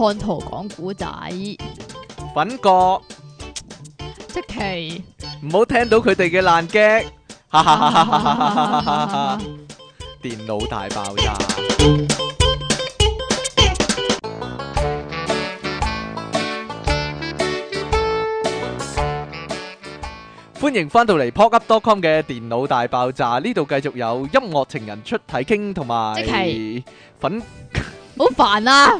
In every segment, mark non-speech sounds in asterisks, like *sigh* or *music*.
看圖講古仔，粉果，積淇，唔好聽到佢哋嘅爛擊，哈哈哈哈哈哈哈哈哈哈，電腦大爆炸！歡迎返到嚟 pokup.com 嘅電腦大爆炸，呢度繼續有音樂情人出體傾，同埋積淇粉，好煩啊！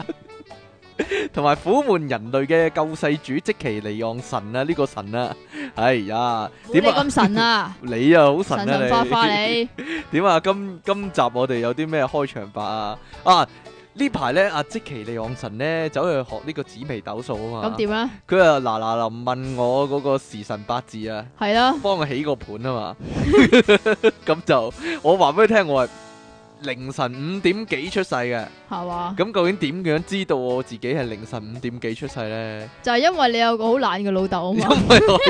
同埋苦悶人類嘅救世主積淇離岸神啊，呢、這個神啊，哎呀，點解咁神啊？ *laughs* 你啊，好神啊你！神神化化你？點啊？ *laughs* 今今集我哋有啲咩開場白啊？啊呢排咧，阿積淇離岸神咧走去學呢個紫微斗數啊嘛。咁點啊？佢啊嗱嗱臨問我嗰個時辰八字啊，係咯、啊，幫我起個盤啊嘛。咁 *laughs* *laughs* *laughs* 就我話俾你聽，我係。凌晨五點幾出世嘅，係嘛吧？咁究竟點樣知道我自己係凌晨五點幾出世呢？就係因為你有個好懶嘅老豆，因為我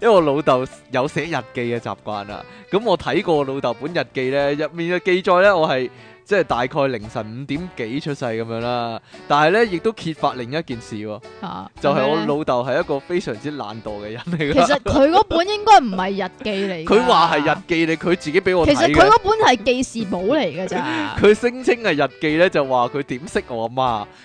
因為我老豆有寫日記嘅習慣啊，咁我睇過老豆本日記呢，入面嘅記載呢，我係。即係大概凌晨五點幾出世咁樣啦，但係咧，亦都揭發另一件事喎，啊、就係我老豆係一個非常之懶惰嘅人嚟嘅。其實佢嗰本應該唔係日記嚟。佢話係日記嚟，佢自己俾我睇嘅。其實佢嗰本係記事簿嚟嘅咋。佢聲稱係日記咧，就話佢點識我阿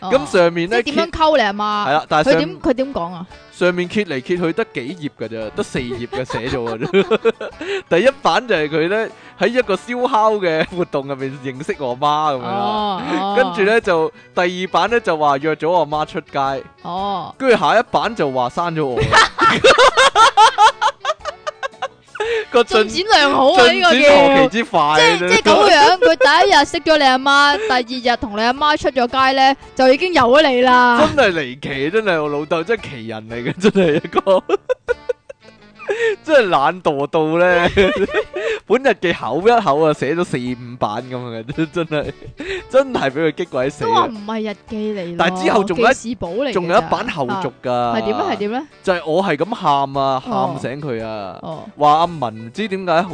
媽。咁、哦、上面咧，即係點樣溝你阿、啊、媽？係啦、啊，但係佢點佢點講啊？上面揭嚟揭去得幾頁㗎啫，得四頁嘅寫咗。 *laughs* *laughs* 第一版就係佢咧喺一個燒烤嘅活動入面認識我媽咁樣，Oh, oh. 跟住咧就第二版咧就話約咗我媽出街，跟住，Oh. 下一版就話生咗我了。 *laughs* *laughs* 進展良好啊！個何其之快呢個嘢，即係即係咁嘅樣。佢 *laughs* 第一日識咗你阿媽，第二日同你阿媽出咗街咧，就已經有咗你啦。真係離奇，真係我老豆真係奇人嚟嘅，真係一個， *laughs* 真係懶惰到咧。 *laughs* *laughs* *laughs* 本日記口一口啊，寫咗四五版咁嘅，真真係真係俾佢激鬼死。都話唔係日記嚟，但係之後仲有一仲、哦、有一版後續噶。係點咧？係點咧？就係我係咁喊啊，喊醒佢啊，話阿文唔知點解好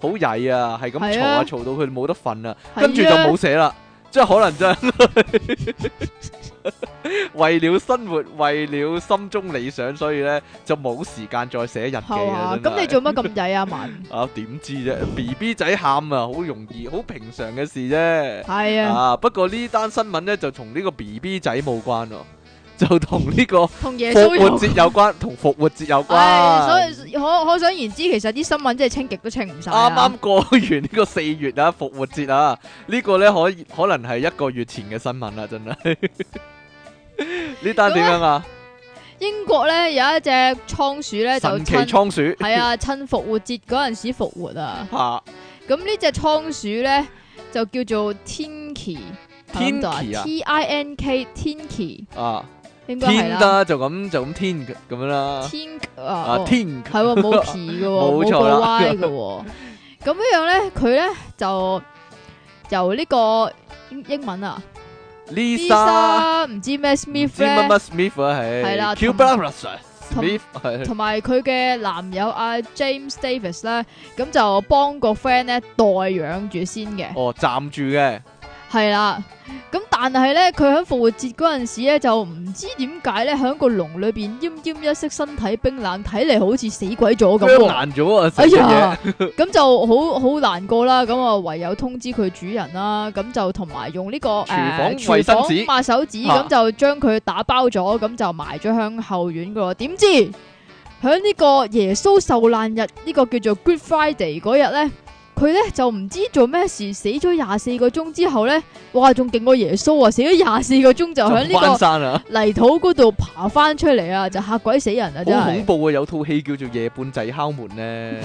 好曳啊，係咁嘈啊，嘈到佢冇得瞓啊，跟住就冇寫啦。即係可能，真係為了生活，為了心中理想，所以咧就冇時間再寫日記啦。咁、啊、的你做乜咁曳啊，文？ *laughs* 啊，點知啫？B B 仔喊啊，好容易，好平常嘅事啫。係啊，啊，不過呢單新聞咧就同呢個 B B 仔冇關咯。就同呢個復活節有關，同復 *laughs* 活節有關。 *laughs* 哎、所以可可想而知，其實啲新聞真係清極都清唔晒。啱啱過完呢個四月啊，復活節啊，這個、呢個咧可可能係一個月前嘅新聞啦、啊，真係。呢單點樣啊？英國咧有一隻倉鼠咧就神奇倉鼠，係 *laughs* 啊，趁復活節嗰陣時復活啊。吓、啊！咁呢隻倉鼠咧就叫做 Tinky，T I N K Tinky 啊？天啦，就咁就咁天咁樣啦。天啊！啊天係喎，冇皮嘅，冇、啊、 *laughs* 個歪嘅。咁 *laughs* 樣樣咧，佢咧就由呢、呢個英英文啊，Lisa 唔 Lisa, 知咩 Smith？Smith 咧，係啦、啊，同埋佢嘅男友阿 *laughs* James Davis 咧，咁就幫個 friend 咧代養住先嘅。哦，暫住嘅。係啦，咁但係咧，佢喺復活節嗰陣時咧，就唔知點解咧，喺個籠裏邊奄奄一息，身體冰冷，睇嚟好似死鬼咗咁。難咗啊！哎呀，咁東 *laughs* 就好好難過啦。咁啊，唯有通知佢主人啦。咁就同埋用呢、這個誒，呃、廚房廚房抹手指，咁就將佢打包咗，咁、啊、就埋咗向後院噶。點知喺呢個耶穌受難日，呢、這個叫做 Good Friday 嗰日咧。佢咧就唔知做咩事死咗廿四個鐘之後咧，哇仲勁過耶穌啊！死咗廿四個鐘就喺呢個山啊泥土嗰度爬翻出嚟啊！就嚇鬼死人啊！好恐怖啊！有套戲叫做《夜半仔敲門》咧，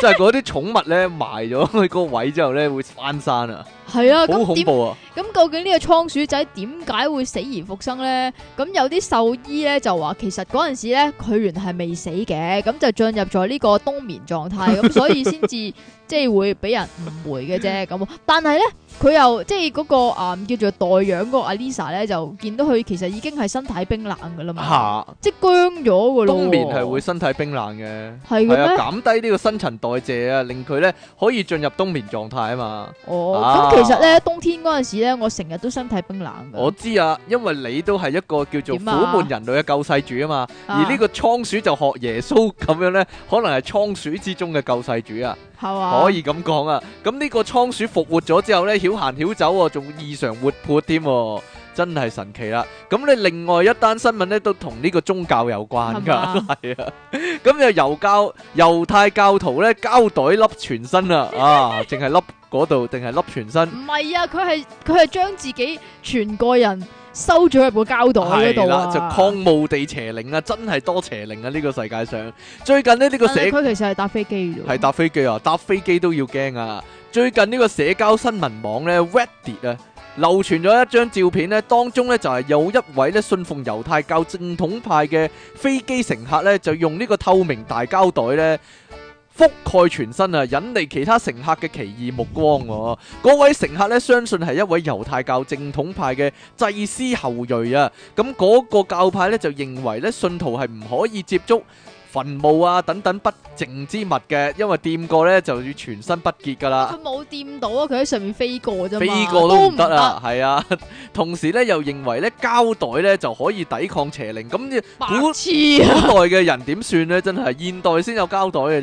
就係嗰啲寵物咧埋咗喺個位之後咧會翻山啊！係啊，好恐怖啊！咁究竟呢個倉鼠仔點解會死而復生咧？咁有啲獸醫咧就話，其實嗰陣時咧佢原來係未死嘅，咁就進入咗呢個冬眠狀態，咁所以先至。即係會俾人誤會嘅啫，咁，但係咧。佢又即係嗰、那個啊、嗯，叫做代養個阿 Lisa 咧，就見到佢其實已經係身體冰冷嘅啦嘛，啊、即係僵咗嘅咯。冬眠係會身體冰冷嘅，係嘅咩？減低呢個新陳代謝啊，令佢咧可以進入冬眠狀態啊嘛。哦，咁、啊、其實咧冬天嗰陣時咧，我成日都身體冰冷嘅。我知啊，因為你都係一個叫做苦悶人類嘅救世主啊嘛，啊而呢個倉鼠就學耶穌咁樣咧，可能係倉鼠之中嘅救世主啊，係啊，可以咁講啊。咁呢個倉鼠復活咗之後咧。小行曉走喎，仲異常活潑添，真係神奇啦！咁你另外一單新聞咧，都同呢個宗教有關噶，係啊！咁又猶教猶太教徒咧，膠袋笠全身啊！啊，淨係笠嗰度定係笠全身？唔係啊，佢係佢係將自己全個人收咗入個膠袋嗰度啊！就曠墓地邪靈啊，真係多邪靈啊！呢個世界上最近咧，呢個社區其實係搭飛機啫，係搭飛機啊！搭飛機都要驚啊！最近呢個社交新聞網呢 Reddit 啊，流傳咗一張照片呢當中呢，就係有一位呢信奉猶太教正統派嘅飛機乘客呢，就用呢個透明大膠袋呢覆蓋全身啊，引嚟其他乘客嘅奇異目光。嗰位乘客呢，相信係一位猶太教正統派嘅祭司後裔啊。咁、那、嗰個教派呢，就認為呢信徒係唔可以接觸。雲霧啊，等等不淨之物嘅，因為掂過咧就要全身不潔噶啦。佢冇掂到啊，佢喺上面飛過啫嘛，飛過啊，都唔得，係啊。同時咧又認為咧膠袋咧就可以抵抗邪靈。咁古，白癡，啊、古代嘅人點算呢？真係現代先有膠袋嘅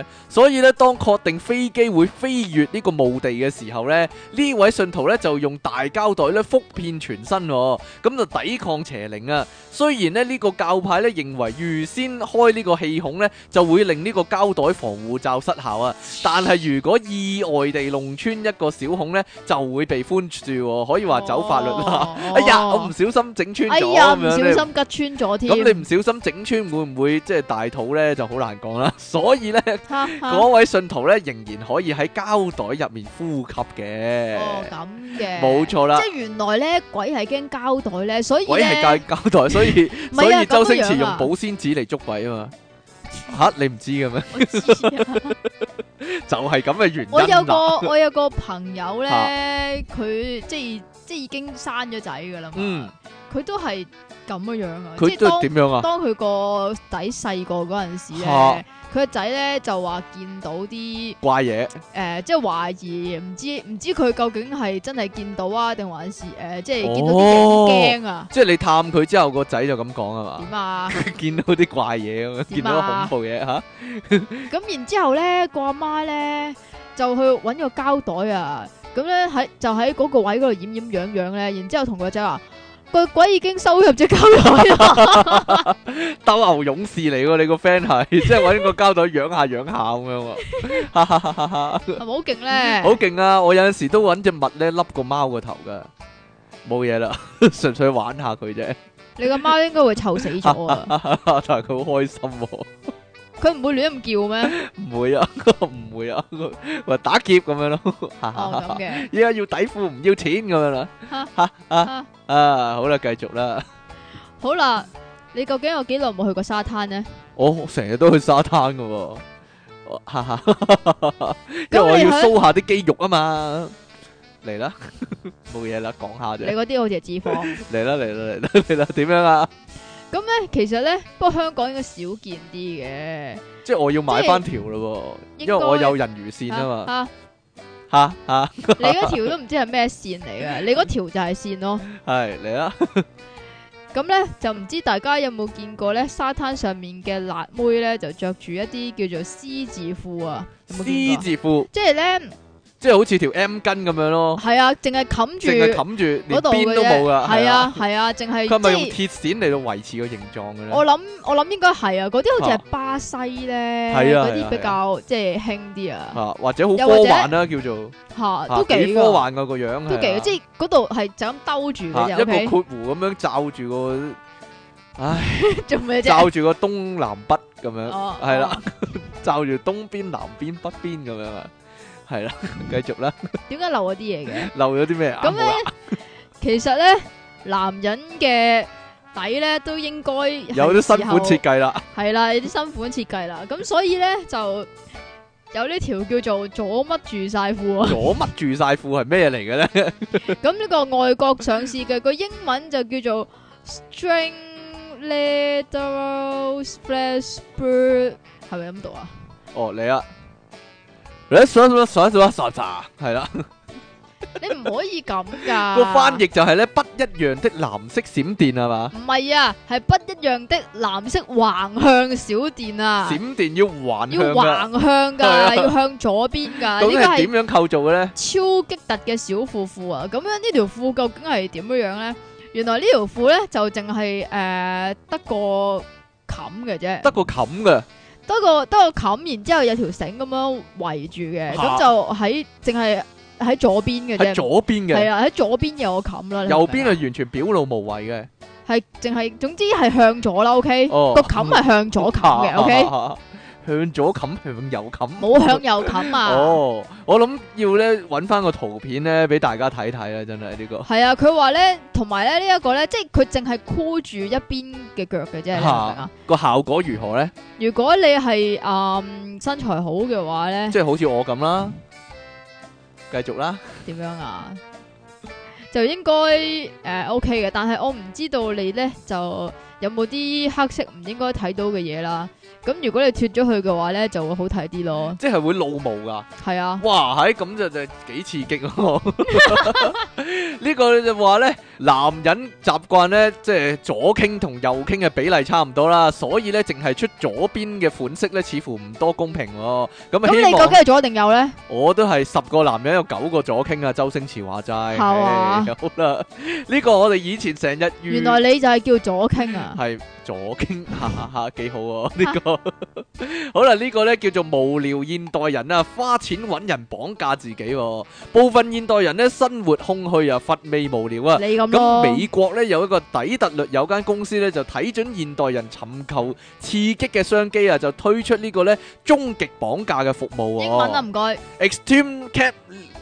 啫。所以咧，當確定飛機會飛越呢個墓地嘅時候咧，呢位信徒咧就用大膠袋咧覆遍全身，咁就抵抗邪靈啊。雖然咧呢個教派咧認為預先開呢、這個個氣孔咧就會令呢個膠袋防護罩失效啊！但係如果意外地弄穿一個小孔咧，就會被寬恕，可以話走法律啦。哎呀，我唔小心整穿咗，唔小心吉穿咗添。咁你唔小心整穿會唔會即係大肚咧就好難講啦。所以咧，嗰位信徒咧仍然可以喺膠袋入面呼吸嘅。咁嘅，冇錯啦。即係原來咧鬼係驚膠袋咧，所以鬼係驚膠袋，所以所以周星馳用保鮮紙嚟捉鬼啊嘛。吓、啊、你唔知嘅咩？我知！啊、 *laughs* 就係咁嘅原因。我有個我有個朋友咧，佢 *laughs* 即係即係已經生咗仔噶啦。嗯，佢都係咁嘅樣啊。佢都係點樣啊？當佢個仔細個嗰陣時咧。 *laughs* 佢個仔咧就話見到啲怪嘢物，誒、呃、即係懷疑唔知唔知佢究竟係真係見到啊，定還是誒、呃、即係見到啲嘢好驚啊。哦、即係你探佢之後，個仔就咁講啊嘛？點 *laughs* 吧啊？見到啲怪嘢，見到恐怖嘢嚇。咁然之後咧，個阿媽咧就去搵個膠袋啊。咁咧喺就喺嗰個位嗰度掩掩養養咧。然之後同個仔話。個鬼已經收入隻膠袋啦！鬥牛勇士嚟嘅你 *laughs* 個 friend 係，即係搵個膠袋養下養下咁樣哈，係咪 *laughs* 好勁咧？好勁啊！我有陣時都搵隻物咧笠個貓個頭噶，冇嘢啦，純 *laughs* 粹玩下佢啫。你個貓應該會臭死咗啊！但係佢好開心啊。 *laughs* 佢唔會亂咁叫咩？唔會啊，我唔會啊，我話打劫咁樣咯，依家要底褲唔要錢咁樣啦，啊啊啊！好啦，繼續啦。好啦，你究竟有幾耐冇去過沙灘咧？我成日都去沙灘噶，哈哈，因為我要 show 下啲肌肉啊嘛。嚟啦，冇嘢啦，講下啫。你嗰啲好似係脂肪。嚟啦嚟啦嚟啦嚟啦，點樣啊？咁咧、嗯，其實咧，不過香港應該少見啲嘅。即係是我要買翻條嘞喎，該因為我有人魚線啊嘛。嚇嚇，你嗰條都唔知係咩線嚟嘅， *laughs* 你嗰條就係線咯。係嚟啦。咁咧、 *laughs* 嗯嗯、就唔知大家有冇見過咧？沙灘上面嘅辣妹咧就着住一啲叫做獅字褲啊！有冇獅字子褲呢？即係咧。即係好似條 M 根咁樣咯，係啊，淨係冚住，淨冚住度邊都冇噶，係啊係啊，淨係佢咪用鐵線嚟到維持個形狀嘅咧？我諗我諗應該係啊，嗰啲好似係巴西咧，嗰啲比較即係輕啲啊，或者好科幻啦叫做嚇都幾科幻個個樣，都幾即係嗰度係就咁兜住嘅，一個括弧咁樣罩住個，唉做咩罩住個東南北咁樣係啦，罩住東邊南邊北邊咁樣啊。係啦，繼續啦。點解漏咗啲嘢嘅？漏咗啲咩？咁咧，其實咧，男人嘅底咧都應該有啲新款設計啦。係啦，有啲新款設計啦。咁所以咧，就有呢條叫做阻乜住晒褲。阻乜住晒褲係咩嚟嘅咧？咁呢個外國上市嘅個英文就叫做 stringless flash boot，係咪咁讀啊？哦，你啊。你上咗上咗上咗，咋？係啦，你唔可以咁噶。個翻譯就係咧，不一樣的藍色閃電係嘛？唔係啊，係不一樣的藍色橫向小電啊！閃電要橫，要橫向噶，要向左邊噶。呢個係點樣構造嘅咧？超激突嘅小褲褲啊！咁樣呢條褲究竟係點樣樣咧？原來呢條褲咧就淨係誒得個冚嘅啫，得個冚嘅。不過得個冚，然之後有條繩咁樣圍住嘅，咁就喺淨係喺左邊嘅啫。左邊嘅係啊，喺左邊有個冚啦。右邊係完全表露無遺嘅。係淨係，總之係向左啦。OK，個冚係向左冚嘅。OK？啊。啊啊啊向左冚向右冚，冇向右冚啊！哦，我諗要咧搵翻個圖片咧俾大家睇睇啦，真係呢個係啊！佢話咧，同埋咧呢一個咧，即係佢淨係箍住一邊嘅腳嘅啫。吓個效果如何咧？如果你係嗯身材好嘅話咧，即係好似我咁啦，繼續啦。點樣啊？就應該誒 OK 嘅，但係我唔知道你咧就有冇啲黑色唔應該睇到嘅嘢啦。咁如果你脫咗去嘅話咧，就會好睇啲咯。即係會露毛噶。係啊。哇，喺咁就就幾刺激咯、啊。呢 *laughs* *laughs* *laughs* 個就話咧，男人習慣咧，即係左傾同右傾嘅比例差唔多啦。所以咧，淨係出左邊嘅款式咧，似乎唔多公平。咁咁你究竟係左定右咧？我都係十個男人有九個左傾啊！周星馳話齋。係啊。Hey, 好啦，呢、這個我哋以前成日冤。原來你就係叫左傾啊？係左傾，哈哈哈，幾好啊！呢、這個。 *laughs* 好啦，呢個呢叫做無聊現代人啊，花錢搵人綁架自己。部分現代人呢，生活空虛啊，乏味無聊啊。你咁咯？咁美國呢有一個底特律有間公司呢，就睇準現代人尋求刺激嘅商機啊，就推出呢個呢終極綁架嘅服務。英文啊，唔該。Extreme cap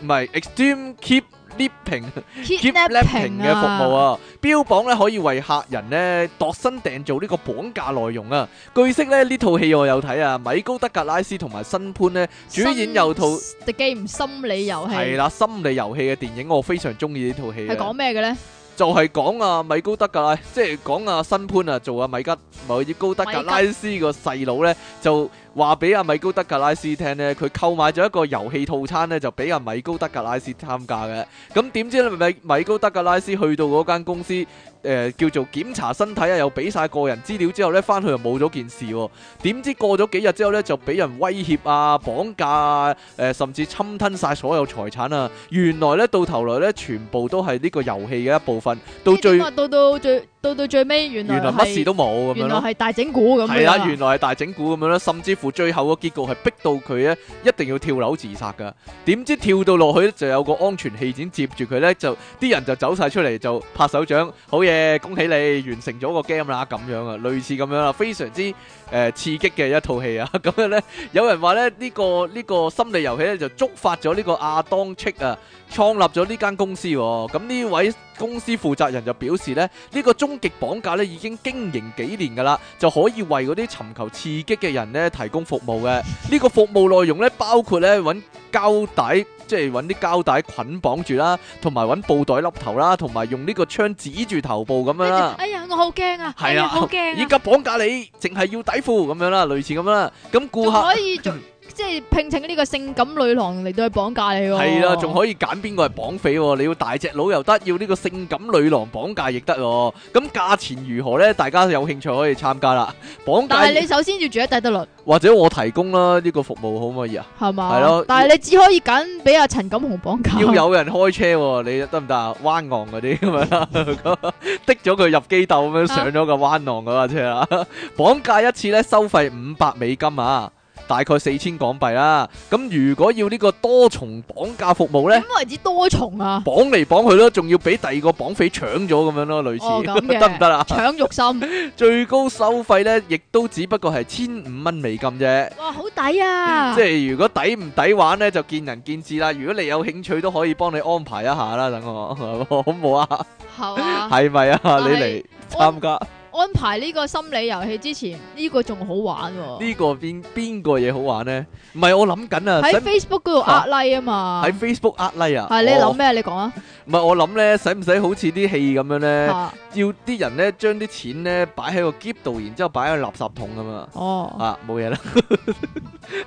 唔係 extreme keep。Kidnapping，Kidnapping 嘅服務啊，標榜咧可以為客人咧度身訂做呢個綁架內容啊。據悉咧，呢套戲我有睇啊，米高德格拉斯同埋新潘咧主演又套 The Game 心理遊戲係啦，心理遊戲嘅電影我非常中意呢套戲。係講咩嘅咧？就係講啊米高德格，即係講啊新潘啊做啊米吉，唔係米高德格拉斯個細佬咧就。話俾阿米高德格拉斯聽呢，佢購買咗一個遊戲套餐呢，就俾阿米高德格拉斯參加嘅。咁點知米米高德格拉斯去到嗰間公司，誒、呃，叫做檢查身體啊，又俾晒個人資料之後呢，翻去又冇咗件事、哦。點知過咗幾日之後呢，就俾人威脅啊、綁架啊，誒、呃，甚至侵吞晒所有財產啊。原來呢，到頭來呢，全部都係呢個遊戲嘅一部分。到最到到最到到最尾，原來乜事都冇。原來係大整蠱咁。係啦、啊，原來係大整蠱咁樣啦，甚至乎最後嘅結局係逼到佢咧一定要跳樓自殺噶。點知跳到落去咧就有個安全氣墊接住佢呢，就啲人就走晒出嚟，就拍手掌，好嘢恭喜你完成咗個 game 啦，咁樣啊，類似咁樣啦，非常之誒、呃、刺激嘅一套戲啊，咁樣呢，有人話咧呢、這個呢、這個心理遊戲呢，就觸發咗呢個亞當 check 啊，創立咗呢間公司、哦，咁呢位公司負責人就表示呢，呢、這個終極綁架呢已經經營幾年噶啦，就可以為嗰啲尋求刺激嘅人呢提供服務嘅，呢、這個服務內容呢，包括咧揾膠底。即係揾啲膠帶捆綁，綁住啦，同埋揾布袋笠頭啦，同埋用呢個槍指住頭部咁樣啦。哎呀，我好驚啊！係啊、哎呀，好驚！依家綁架你，淨係要底褲咁樣啦，類似咁啦。咁顧客可以。 *laughs* 即係聘請呢個性感女郎嚟到去綁架你喎，係啦、啊，仲可以揀邊個係綁匪、啊，你要大隻佬又得，要呢個性感女郎綁架亦得、啊，咁價錢如何呢？大家有興趣可以參加啦。綁架，但係你首先要住喺底特律，或者我提供啦呢、這個服務可唔可以啊？係嘛？係咯，但係你只可以揀俾阿陳錦鴻綁架。要有人開車、啊，你得唔得？彎昂嗰啲咁樣啦，的咗佢入機鬥咁樣，上咗個彎昂嗰架車啦。綁架一次呢，收費五百美金啊！大概四千港幣啦，咁如果要呢個多重綁架服務呢？點為之多重啊？綁嚟綁去咯，仲要俾第二個綁匪搶咗咁樣咯，類似得唔得啊？搶肉心， *laughs* 最高收費呢，亦都只不過係千五蚊美金啫。哇，好抵啊！即係如果抵唔抵玩呢，就見仁見智啦。如果你有興趣，都可以幫你安排一下啦。等我 *laughs* 好唔好啊？好啊！係咪啊？你嚟參加我？參加安排呢個心理遊戲之前，呢、這個仲好玩喎、哦。呢、這個邊邊個嘢好玩呢？唔係我諗緊用啊，喺 Facebook 嗰度壓 like 啊嘛。喺 Facebook 壓 l、like、啊？係你諗咩？你講啊。唔係我諗咧，使唔使好似啲戲咁樣咧？要啲人咧將啲錢咧擺喺個篋度，然之後擺喺個垃圾桶咁啊。哦。啊，冇嘢啦，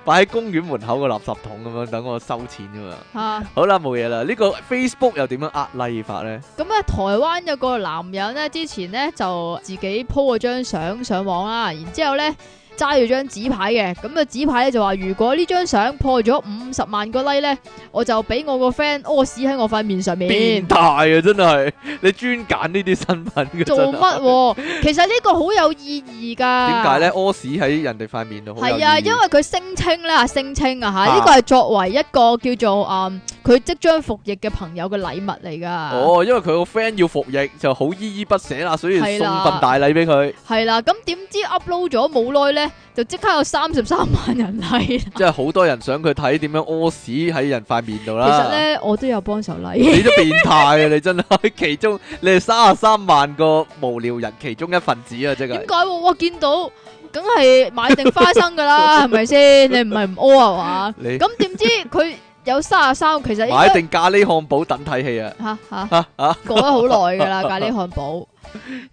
擺 *laughs* 喺公園門口個垃圾桶咁樣，等我收錢噶嘛。吓、啊。好啦，冇嘢啦。這個 like、呢個 Facebook 又點樣壓 like 法咧？咁咧，台灣有個男人咧，之前咧就自己。po 咗張相上網啦，然之後咧。揸住張紙牌嘅，咁啊紙牌咧就話如果呢張相破咗五十萬個 like 咧，我就俾我個 friend 屙屎喺我塊面上面。變態啊，真係你專揀呢啲身份嘅。做乜？其實呢個好有意義噶。點解咧？屙屎喺人哋塊面度。係啊，因為佢聲稱咧，聲稱啊吓，呢個係作為一個叫做誒，佢即將服役嘅朋友嘅禮物嚟噶。哦，因為佢個 friend 要服役就好依依不捨啦，所以送份大禮俾佢。係啦，咁點知 upload 咗冇耐咧？就即刻有三十三萬人睇，即係好多人想佢睇點樣屙屎喺人塊面度啦。其實咧，我都有幫手嚟。你都變態啊！你真係其中你係三啊三萬個無聊人其中一份子啊！真係。點解？哇！我見到梗係買定花生噶啦，係咪先？你唔係唔屙啊？嘛？你咁點知佢有三啊三？其實買定咖喱漢堡等睇戲啊！吓吓吓！講咗好耐噶啦， *laughs* 咖喱漢堡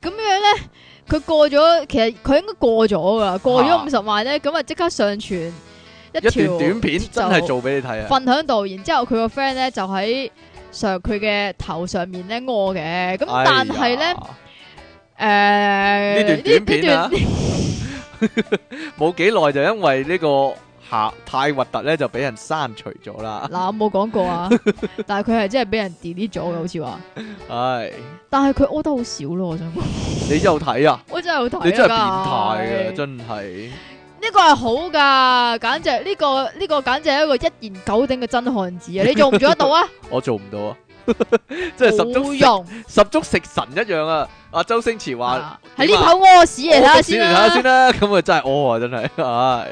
咁樣咧。佢過咗，其實佢應該過咗㗎，過咗五十萬咧，咁啊即刻上傳一條短片，就 真係做俾你睇啊！瞓喺度，然之後佢個 friend 咧就喺上佢嘅頭上面咧屙嘅，咁但係咧，誒呢、哎呀呃、段短片冇幾耐就因為呢、這個。吓，太核突咧就俾人刪除咗啦。嗱，我冇講過啊，但係佢係真係俾人 delete 咗嘅，好似話係。但係佢屙得好少咯。我想講，你有睇啊？我真係有睇。你真係變態啊是真係的呢個係好㗎，簡直呢、這個呢、這個簡直係一個一言九鼎嘅真漢子啊，你做唔做得到啊 *laughs* 我做唔到啊。即係 *laughs* 十足，十足食神一樣啊！阿、啊、周星馳話喺呢口屙屎嚟睇下先啦，咁啊真係屙啊，真係唉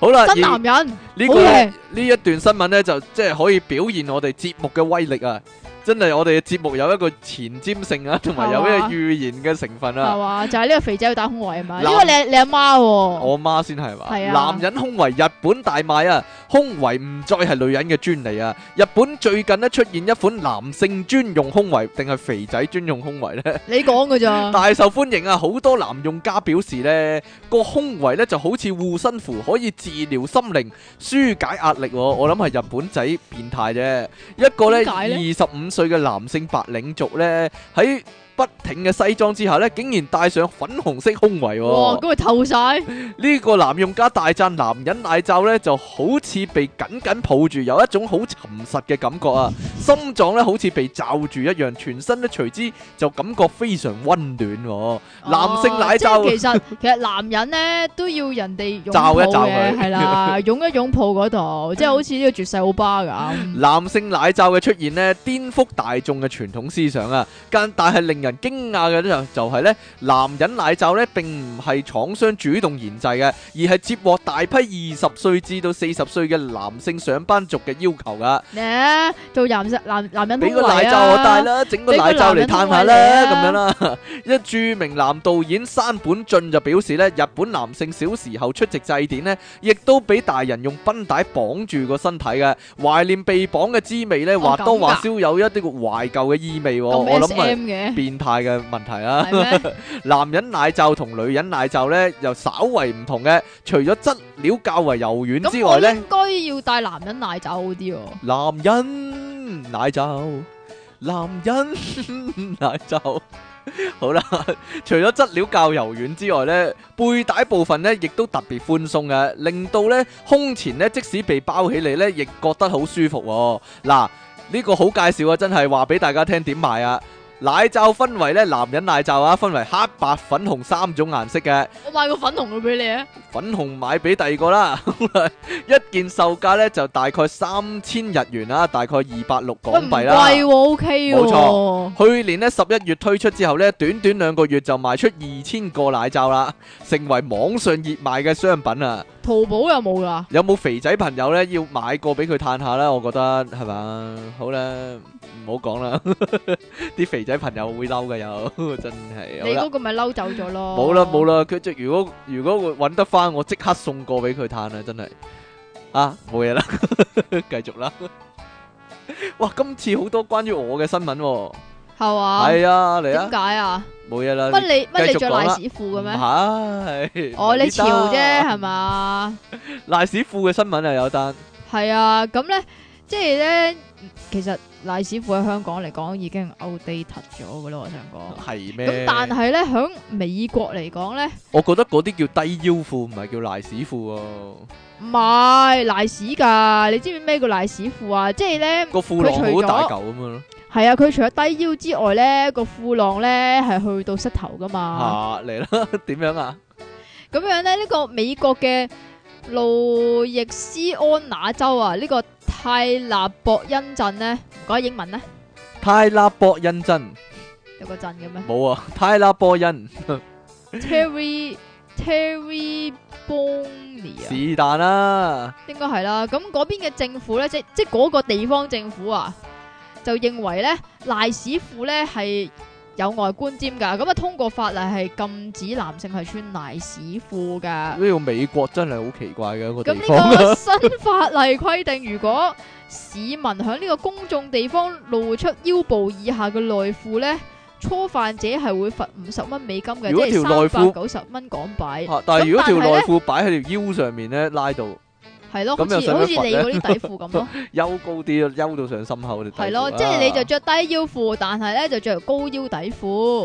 好啦。新男人呢 *laughs* 這個呢厲一段新聞咧，就即係可以表現我哋節目嘅威力啊！真係我哋嘅節目有一個前瞻性啊，同埋有一個預言嘅成分啦、啊。就係、是、呢個肥仔要打胸圍男啊嘛，因為你你阿媽喎，我阿媽先係嘛。男人胸圍日本大賣啊，胸圍唔再係女人嘅專利啊。日本最近呢，出現一款男性專用胸圍，定係肥仔專用胸圍呢？你講㗎咋？ *laughs* 大受歡迎啊，好多男用家表示呢，個胸圍呢就好似護身符，可以治療心靈、舒解壓力、啊。我諗係日本仔變態啫，一個呢。二十五。歲嘅男性白領族呢，喺不停嘅西裝之下咧，竟然戴上粉紅色胸圍喎、喔！哇，咁咪透晒！呢 *laughs* 個男用家大讚男人奶罩呢，就好似被緊緊抱住，有一種好沉實嘅感覺啊！ *laughs* 心臟呢，好似被罩住一樣，全身咧隨之就感覺非常溫暖、喔。哦、男性奶罩即係其實 *laughs* 其實男人呢，都要人哋罩一罩佢，係 *laughs* 啦，擁一擁抱嗰度，即係 *laughs* 好似呢個絕世歐巴噉。嗯、男性奶罩嘅出現呢，顛覆大眾嘅傳統思想啊！但係令人驚訝嘅呢就就係呢，男人奶罩呢並唔係廠商主動研製嘅，而係接獲大批二十歲至到四十歲嘅男性上班族嘅要求噶。誒，做男男男人，俾個奶罩我戴啦，整個奶罩嚟探下啦，咁樣啦。一著名男導演山本俊就表示呢，日本男性小時候出席祭典呢，亦都俾大人用繃帶綁住個身體嘅，懷念被綁嘅滋味呢，或多或少有一啲懷舊嘅意味。我諗。態嘅問題啦，男人奶罩同女人奶罩咧又稍為唔同嘅，除咗質料較為柔軟之外咧，應該要帶男人奶罩好啲喎。男人奶罩，男人奶罩，好啦，除咗質料較柔軟之外咧，背帶部分咧亦都特別寬鬆嘅，令到咧胸前咧即使被包起嚟，咧亦覺得好舒服。嗱，呢個好介紹啊，真係話俾大家聽點買啊！奶罩分為咧男人奶罩啊，分為黑白粉紅三種顏色嘅。我買個粉紅嘅俾你啊！粉紅買俾第二個啦， *laughs* 一件售價咧就大概三千日元啦，大概二百六港幣啦。唔貴喎，OK 喎。冇錯，去年咧十一月推出之後咧，短短兩個月就賣出二千個奶罩啦，成為網上熱賣嘅商品啊！淘寶有冇噶？有冇肥仔朋友咧要買過俾佢嘆下咧？我覺得係咪？好啦，唔好講啦，啲 *laughs* 肥仔。啲朋友會嬲嘅，又真係，你嗰個咪嬲走咗咯？冇啦冇啦，佢即如果如果我揾得翻我即刻送過俾佢嘆啦，真係啊，冇嘢啦，繼續啦。哇，今次好多關於我嘅新聞，係啊，係啊，嚟啊，點解啊？冇嘢啦，乜你乜你着賴屎褲嘅咩？係係，哦，你潮啫係嘛？賴屎褲嘅新聞又有單，係啊，咁咧即係咧。其實瀨屎褲喺香港嚟講已經 outdated 咗嘅咯，我想講係咩？咁嗎但係咧喺美國嚟講咧，我覺得嗰啲叫低腰褲，唔係叫瀨屎褲啊！唔係瀨屎噶，你知唔知咩叫瀨屎褲啊？即係咧個褲浪好大舊咁樣咯。係啊，佢除咗低腰之外咧，個褲浪咧係去到膝頭噶嘛。嚟啦、啊，點樣啊？咁樣咧，呢、這個美國嘅路易斯安那州啊，呢、這個。泰勒博恩鎮咧，唔該英文咧。泰勒博恩鎮有個鎮嘅咩？冇啊，泰勒博恩。 *laughs* Terry Terry Bonny 啊，是但啦，應該係啦。咁嗰邊嘅政府咧，即即嗰個地方政府啊，就認為咧賴市富咧係。有外觀尖噶，咁啊通過法例係禁止男性係穿瀨屎褲噶。呢個美國真係好奇怪嘅一個地方啊！咁呢個新法例規定，如果市民喺呢個公眾地方露出腰部以下嘅內褲咧，初犯者係會罰五十蚊美金嘅，即係三百九十蚊港幣。但係如果條內褲擺喺條腰上面咧，拉到。係咯，好似好似你嗰啲底褲咁咯，腰 *laughs* 高啲，腰到上心口。係咯了，啊、即係你就着低腰褲，但係咧就着高腰底褲，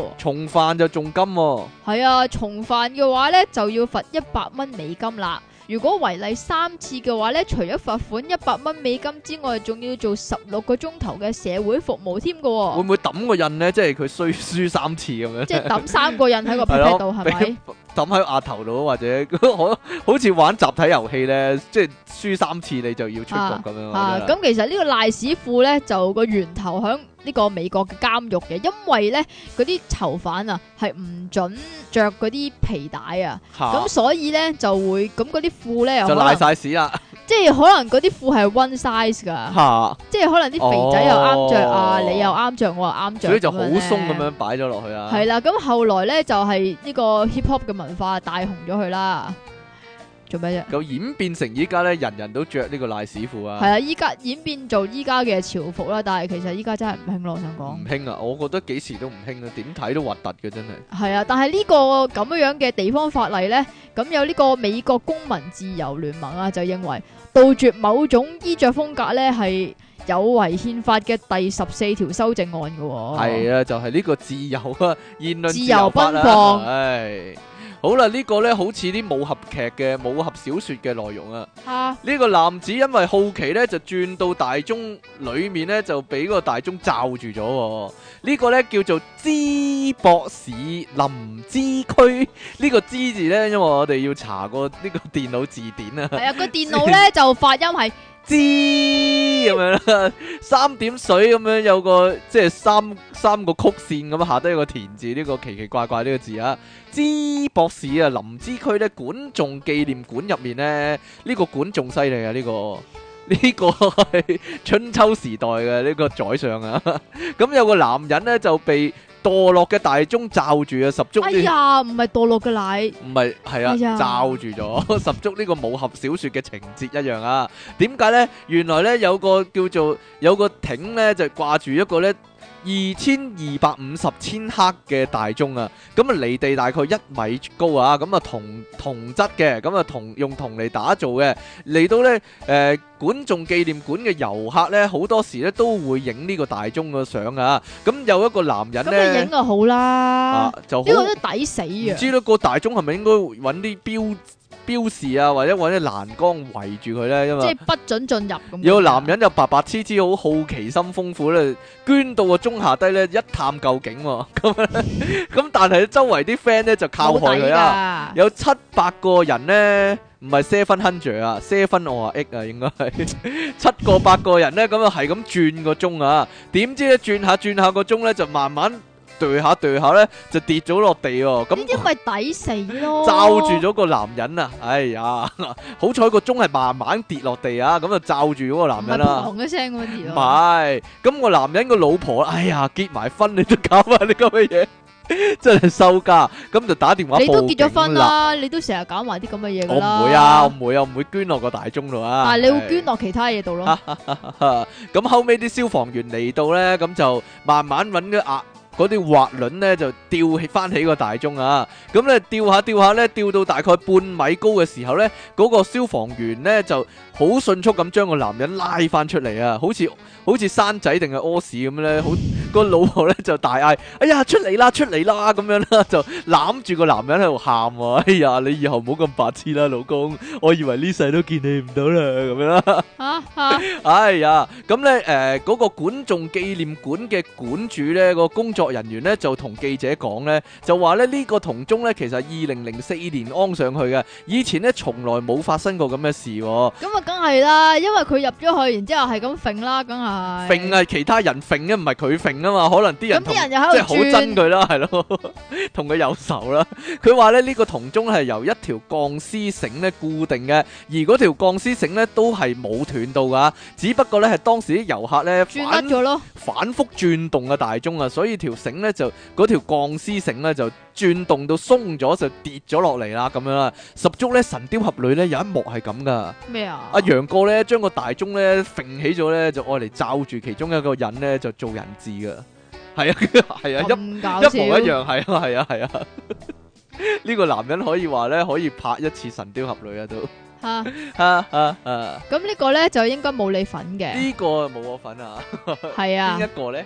哦。重犯就重金喎。係啊，重犯嘅話咧就要罰一百蚊美金啦。如果違例三次嘅話咧，除咗罰款一百蚊美金之外，仲要做十六個鐘頭嘅社會服務添嘅喎。會唔會抌個印咧？即係佢需輸三次咁樣。即係抌三個印喺個平度，係咪 *laughs* 了？抌喺額頭度或者好好似玩集體遊戲咧，即係輸三次你就要出局咁樣啊覺啊。啊，咁、嗯、其實個賴呢個賴屎褲咧就個源頭響。呢個美國嘅監獄嘅，因為咧嗰啲囚犯啊係唔准着嗰啲皮帶啊，咁蛤所以咧就會咁嗰啲褲咧就拉晒屎啦，即係可能嗰啲褲係 one size 噶，蛤即係可能啲肥仔又啱着啊，哦、你又啱着，我又啱着，啊，所以就好鬆咁樣擺咗落去啊，係啦，嗯，咁後來咧就係、是、呢個 hip hop 嘅文化帶紅咗佢啦。做咩啫？就演變成依家咧，人人都着呢個賴屎褲啊！係啊，依家演變做依家嘅潮服啦，但係其實依家真係唔興咯，我想講唔興啊！我覺得幾時都唔興啊，點睇都核突嘅，真係係啊！但係呢個咁樣樣嘅地方法例咧，咁、嗯、有呢個美國公民自由聯盟啊，就認為杜絕某種衣着風格咧係有違憲法嘅第十四條修正案嘅、啊。係啊，就係、是、呢個自由啊，言論自由，啊、自由奔放。好啦，呢、這個呢好似啲武俠劇嘅武俠小說嘅內容啊。吓、啊，呢個男子因為好奇呢，就轉到大鐘裏面呢，就俾個大鐘罩住咗、啊。呢、這個呢叫做知博士林之區。呢、這個知字呢，因為我哋要查過呢個電腦字典啊。係啊，那個電腦呢 *laughs* 就發音係。之咁樣啦，G *laughs* 三點水咁樣有個即係三三個曲線咁啊，下低有個田字呢個奇奇怪怪呢個字啊。之博士啊，林之區咧，管仲紀念館入面咧，呢個管仲犀利啊，呢個呢個係春秋時代嘅呢個宰相啊。咁 *laughs* 有個男人咧就被。墮落嘅大鐘罩住啊十足，哎呀，唔係墮落嘅奶，唔係係啊、哎、呀罩住咗十足呢個武俠小說嘅情節一樣啊？點解呢？原來呢，有個叫做有個亭呢，就掛住一個呢。二千二百五十千克嘅大鐘啊，咁啊離地大概一米高啊，咁啊銅銅質嘅，咁啊銅用銅嚟打造嘅，嚟到呢誒管仲紀念館嘅遊客呢，好多時呢都會影呢個大鐘嘅相啊，咁有一個男人呢，咁影就好啦，呢個都抵死啊，唔知到個大鐘係咪應該揾啲標標示啊，或者揾啲欄杆圍住佢咧，因為即係不准進入咁。有男人就白白痴痴好好奇心豐富咧，捐到個鐘下低咧一探究竟喎、啊。咁咁但係周圍啲 friend 咧就靠害佢啊！有七八個人咧，唔係 seven hundred 啊，seven 我話 eight 啊，應該係七個八個人咧。咁啊係咁轉個鐘啊，點知咧轉下轉下個鐘咧就慢慢，墜下墜下咧，就跌咗落地喎。咁因為抵死咯。罩住咗個男人啊！哎呀，好彩個鐘係慢慢跌落地啊。咁就罩住嗰個男人啦。唔係，咁個男人個老婆，哎呀，結埋婚你都搞返啲咁嘅嘢，真係收家。咁就打電話。你都結咗婚啦，你都成日搞埋啲咁嘅嘢噶啦。我唔會啊，我唔會啊，唔會捐落個大鐘度啊。但係你會捐落其他嘢度咯。咁後尾啲消防員嚟到咧，咁就慢慢搵嘅壓。啲滑輪咧就吊起翻起個大鐘啊！咁、嗯、咧吊下吊下咧，吊到大概半米高嘅時候咧，嗰個消防員咧就好迅速咁將個男人拉翻出嚟啊！好似好似山仔定係屙屎咁咧，好，好，嗰個老婆咧就大嗌：哎呀出嚟啦出嚟啦！咁樣啦就攬住個男人喺度喊啊！哎呀你以後唔好咁白痴啦老公，我以為呢世都見你唔到啦咁樣啦、啊。嚇 *laughs* 嚇！哎呀咁咧誒個管仲紀念館嘅館主咧個工作人員咧就同記者講咧，就話咧呢個銅鐘咧其實二零零四年安上去嘅，以前咧從來冇發生過咁嘅事。咁啊，梗係啦，因為佢入咗去然，然之後係咁揈啦，梗係。揈係其他人揈嘅，唔係佢揈啊嘛，可能啲人。人即係好憎佢啦，係咯，同佢有仇啦。佢話咧呢個銅鐘係由一條鋼絲繩咧固定嘅，而嗰條鋼絲繩咧都係冇斷到噶，只不過咧係當時啲遊客咧轉咗咯，反覆轉動嘅大鐘啊，所以條。繩咧就嗰條鋼絲繩咧就轉動到鬆咗就跌咗落嚟啦咁樣啦，十足咧《神雕俠侶》咧有一幕係咁噶。咩啊？阿楊、啊、過咧將個大鐘咧揈起咗咧就愛嚟罩住其中一個人咧就做人質噶，係啊係啊，啊啊一一模一樣一樣係啊係啊係啊。呢、啊啊、 *laughs* 個男人可以話咧可以拍一次《神雕俠侶》啊都哈。吓吓吓吓！咁哈呢個咧就應該冇你份嘅。呢個冇我份啊。係 *laughs* 啊。邊一個咧？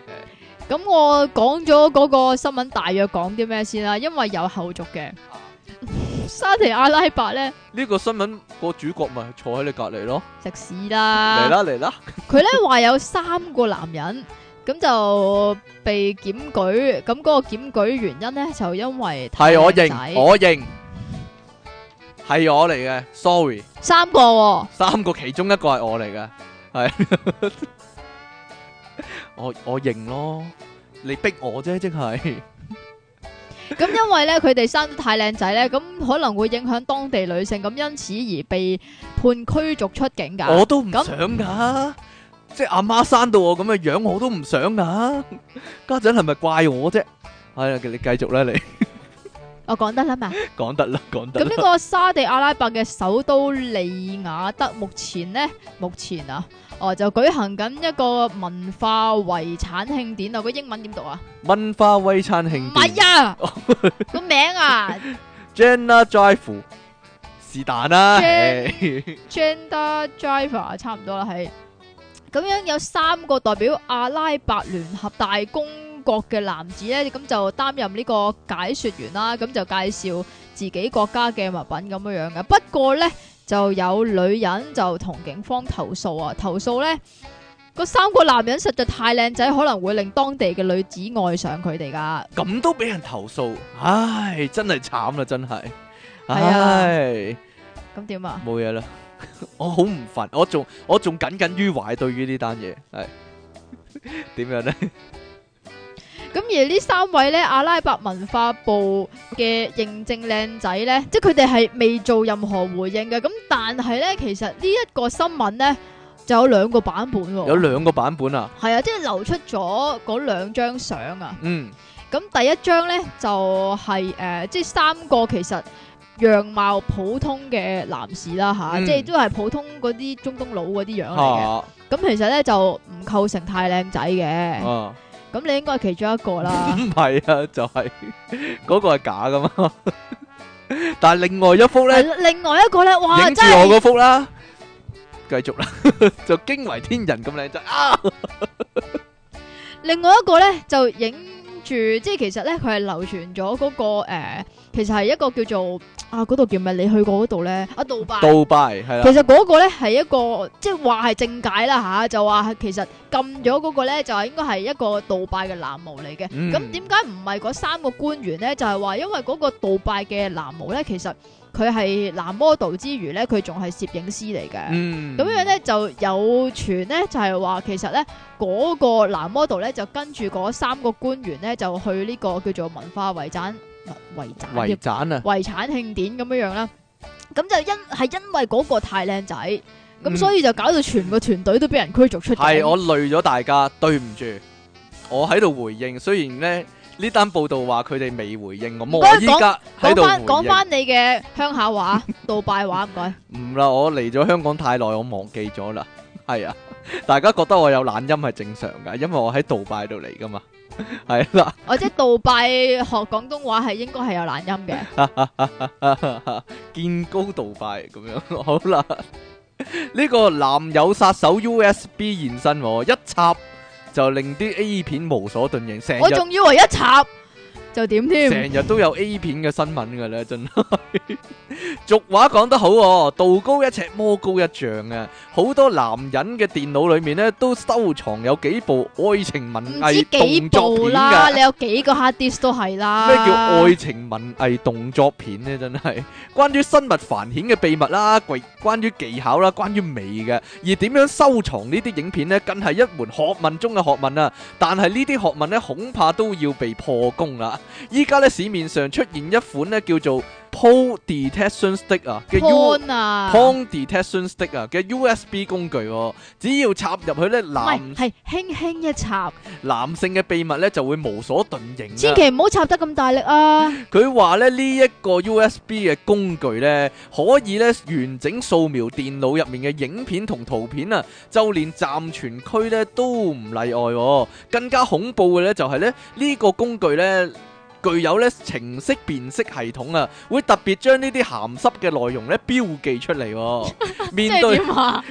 咁我講咗嗰個新聞大約講啲咩先啦，因為有後續嘅。沙特阿拉伯咧，呢個新聞個主角咪坐喺你隔籬咯，食屎啦！嚟啦嚟啦！佢咧話有三個男人咁就被檢舉，咁嗰個檢舉原因咧就因為太靚仔。係我認，我認，係我嚟嘅，sorry。三個，三個，其中一個係我嚟嘅，係。我我認咯，你逼我啫，即係。咁因為咧，佢哋生得太靚仔咧，咁可能會影響當地女性，咁因此而被判驅逐出境噶。我都唔想噶，嗯、即係阿媽生到我咁嘅樣，樣我，我都唔想噶。家陣係咪怪我啫？係、哎、啊，你繼續啦，你 *laughs* 我。我講得啦嘛。講得啦，講得。咁呢個沙地阿拉伯嘅首都利雅德，目前呢，目前啊。哦，就舉行緊一個文化遺產慶典啊！個英文點讀啊？文化遺產慶典。唔係啊，個名啊，Gender Driver，是但啦。Gender Driver 差唔多啦，係咁樣，有三個代表阿拉伯聯合大公國嘅男子咧，咁就擔任呢個解說員啦，咁就介紹自己國家嘅物品咁樣樣嘅。不過咧。就有女人就同警方投訴啊！投訴咧，個三個男人實在太靚仔，可能會令當地嘅女子愛上佢哋噶。咁都俾人投訴，唉，真係慘啦，真係。係啊。咁點啊？冇嘢啦，我好唔忿，我仲我仲耿耿於懷，對於呢單嘢係點樣咧？咁而呢三位咧，阿拉伯文化部嘅認證靚仔咧，即係佢哋係未做任何回應嘅。咁但係咧，其實呢一個新聞咧就有兩個版本喎。有兩個版本啊？係啊，啊，即係流出咗嗰兩張相啊。嗯。咁第一張咧就係、是、誒、呃，即係三個其實樣貌普通嘅男士啦吓，嗯、即係都係普通嗰啲中東佬嗰啲樣嚟嘅。咁、啊、其實咧就唔構成太靚仔嘅。啊咁你應該係其中一個啦，唔係 *laughs* 啊，就係、是、嗰 *laughs* 個係假㗎嘛， *laughs* 但係另外一幅咧，另外一個咧，哇，影住我嗰幅啦，繼續啦，就驚為天人咁靚仔啊，另外一個咧是續 *laughs* 就影。啊 *laughs* 住即係其實咧，佢係流傳咗嗰個誒、呃，其實係一個叫做啊嗰度叫咩？你去過嗰度咧啊，杜拜。杜拜係。其實嗰個咧係一個即係話係正解啦吓、啊，就話其實禁咗嗰個咧就係應該係一個杜拜嘅藍毛嚟嘅。咁點解唔係嗰三個官員咧？就係、是、話因為嗰個杜拜嘅藍毛咧，其實。佢係男魔 o 之餘呢，佢仲係攝影師嚟嘅。咁、嗯、樣咧就有傳咧，就係、是、話其實咧嗰、那個男 m o d 咧就跟住嗰三個官員咧就去呢個叫做文化遺產、啊、遺產遺產産啊遺產慶典咁樣樣啦。咁就因係因為嗰個太靚仔，咁、嗯、所以就搞到全個團隊都俾人驅逐出。係我累咗大家，對唔住，我喺度回應，雖然咧。呢單報道話佢哋未回應，講我在在回應。咁依家喺度回應。講翻講翻你嘅鄉下話，杜拜話唔該。唔啦， *laughs* 我嚟咗香港太耐，我忘記咗啦。係啊，大家覺得我有懶音係正常噶，因為我喺杜拜度嚟噶嘛。係啦、啊。哦，即係杜拜學廣東話係應該係有懶音嘅。 *laughs* 見高杜拜咁樣。好啦，呢、這個男友殺手 USB 現身，一插。就令啲 A 片無所遁形，成我仲以為一插。就點添？成日都有 A 片嘅新聞噶啦，真係。俗話講得好，道高一尺，魔高一丈啊！好多男人嘅電腦裏面咧，都收藏有幾部愛情文藝動作片噶。你有幾個 hard disk 都係啦。咩叫愛情文藝動作片咧？真係關於生物繁衍嘅秘密啦，關關於技巧啦，關於美嘅。而點樣收藏呢啲影片咧，更係一門學問中嘅學問啊！但係呢啲學問咧，恐怕都要被破功啦。依家咧，市面上出現一款咧叫做 porn detection stick 啊嘅 U porn detection stick 啊嘅 USB 工具、哦，只要插入去咧男係輕輕一插，男性嘅秘密咧就會無所遁形。千祈唔好插得咁大力啊！佢話咧呢一個 USB 嘅工具咧，可以咧完整掃描電腦入面嘅影片同圖片啊，就連暫存區咧都唔例外。更加恐怖嘅咧就係咧呢個工具咧。具有咧程式辨識系統啊，會特別將呢啲鹹濕嘅內容咧標記出嚟，啊。 *laughs* 面對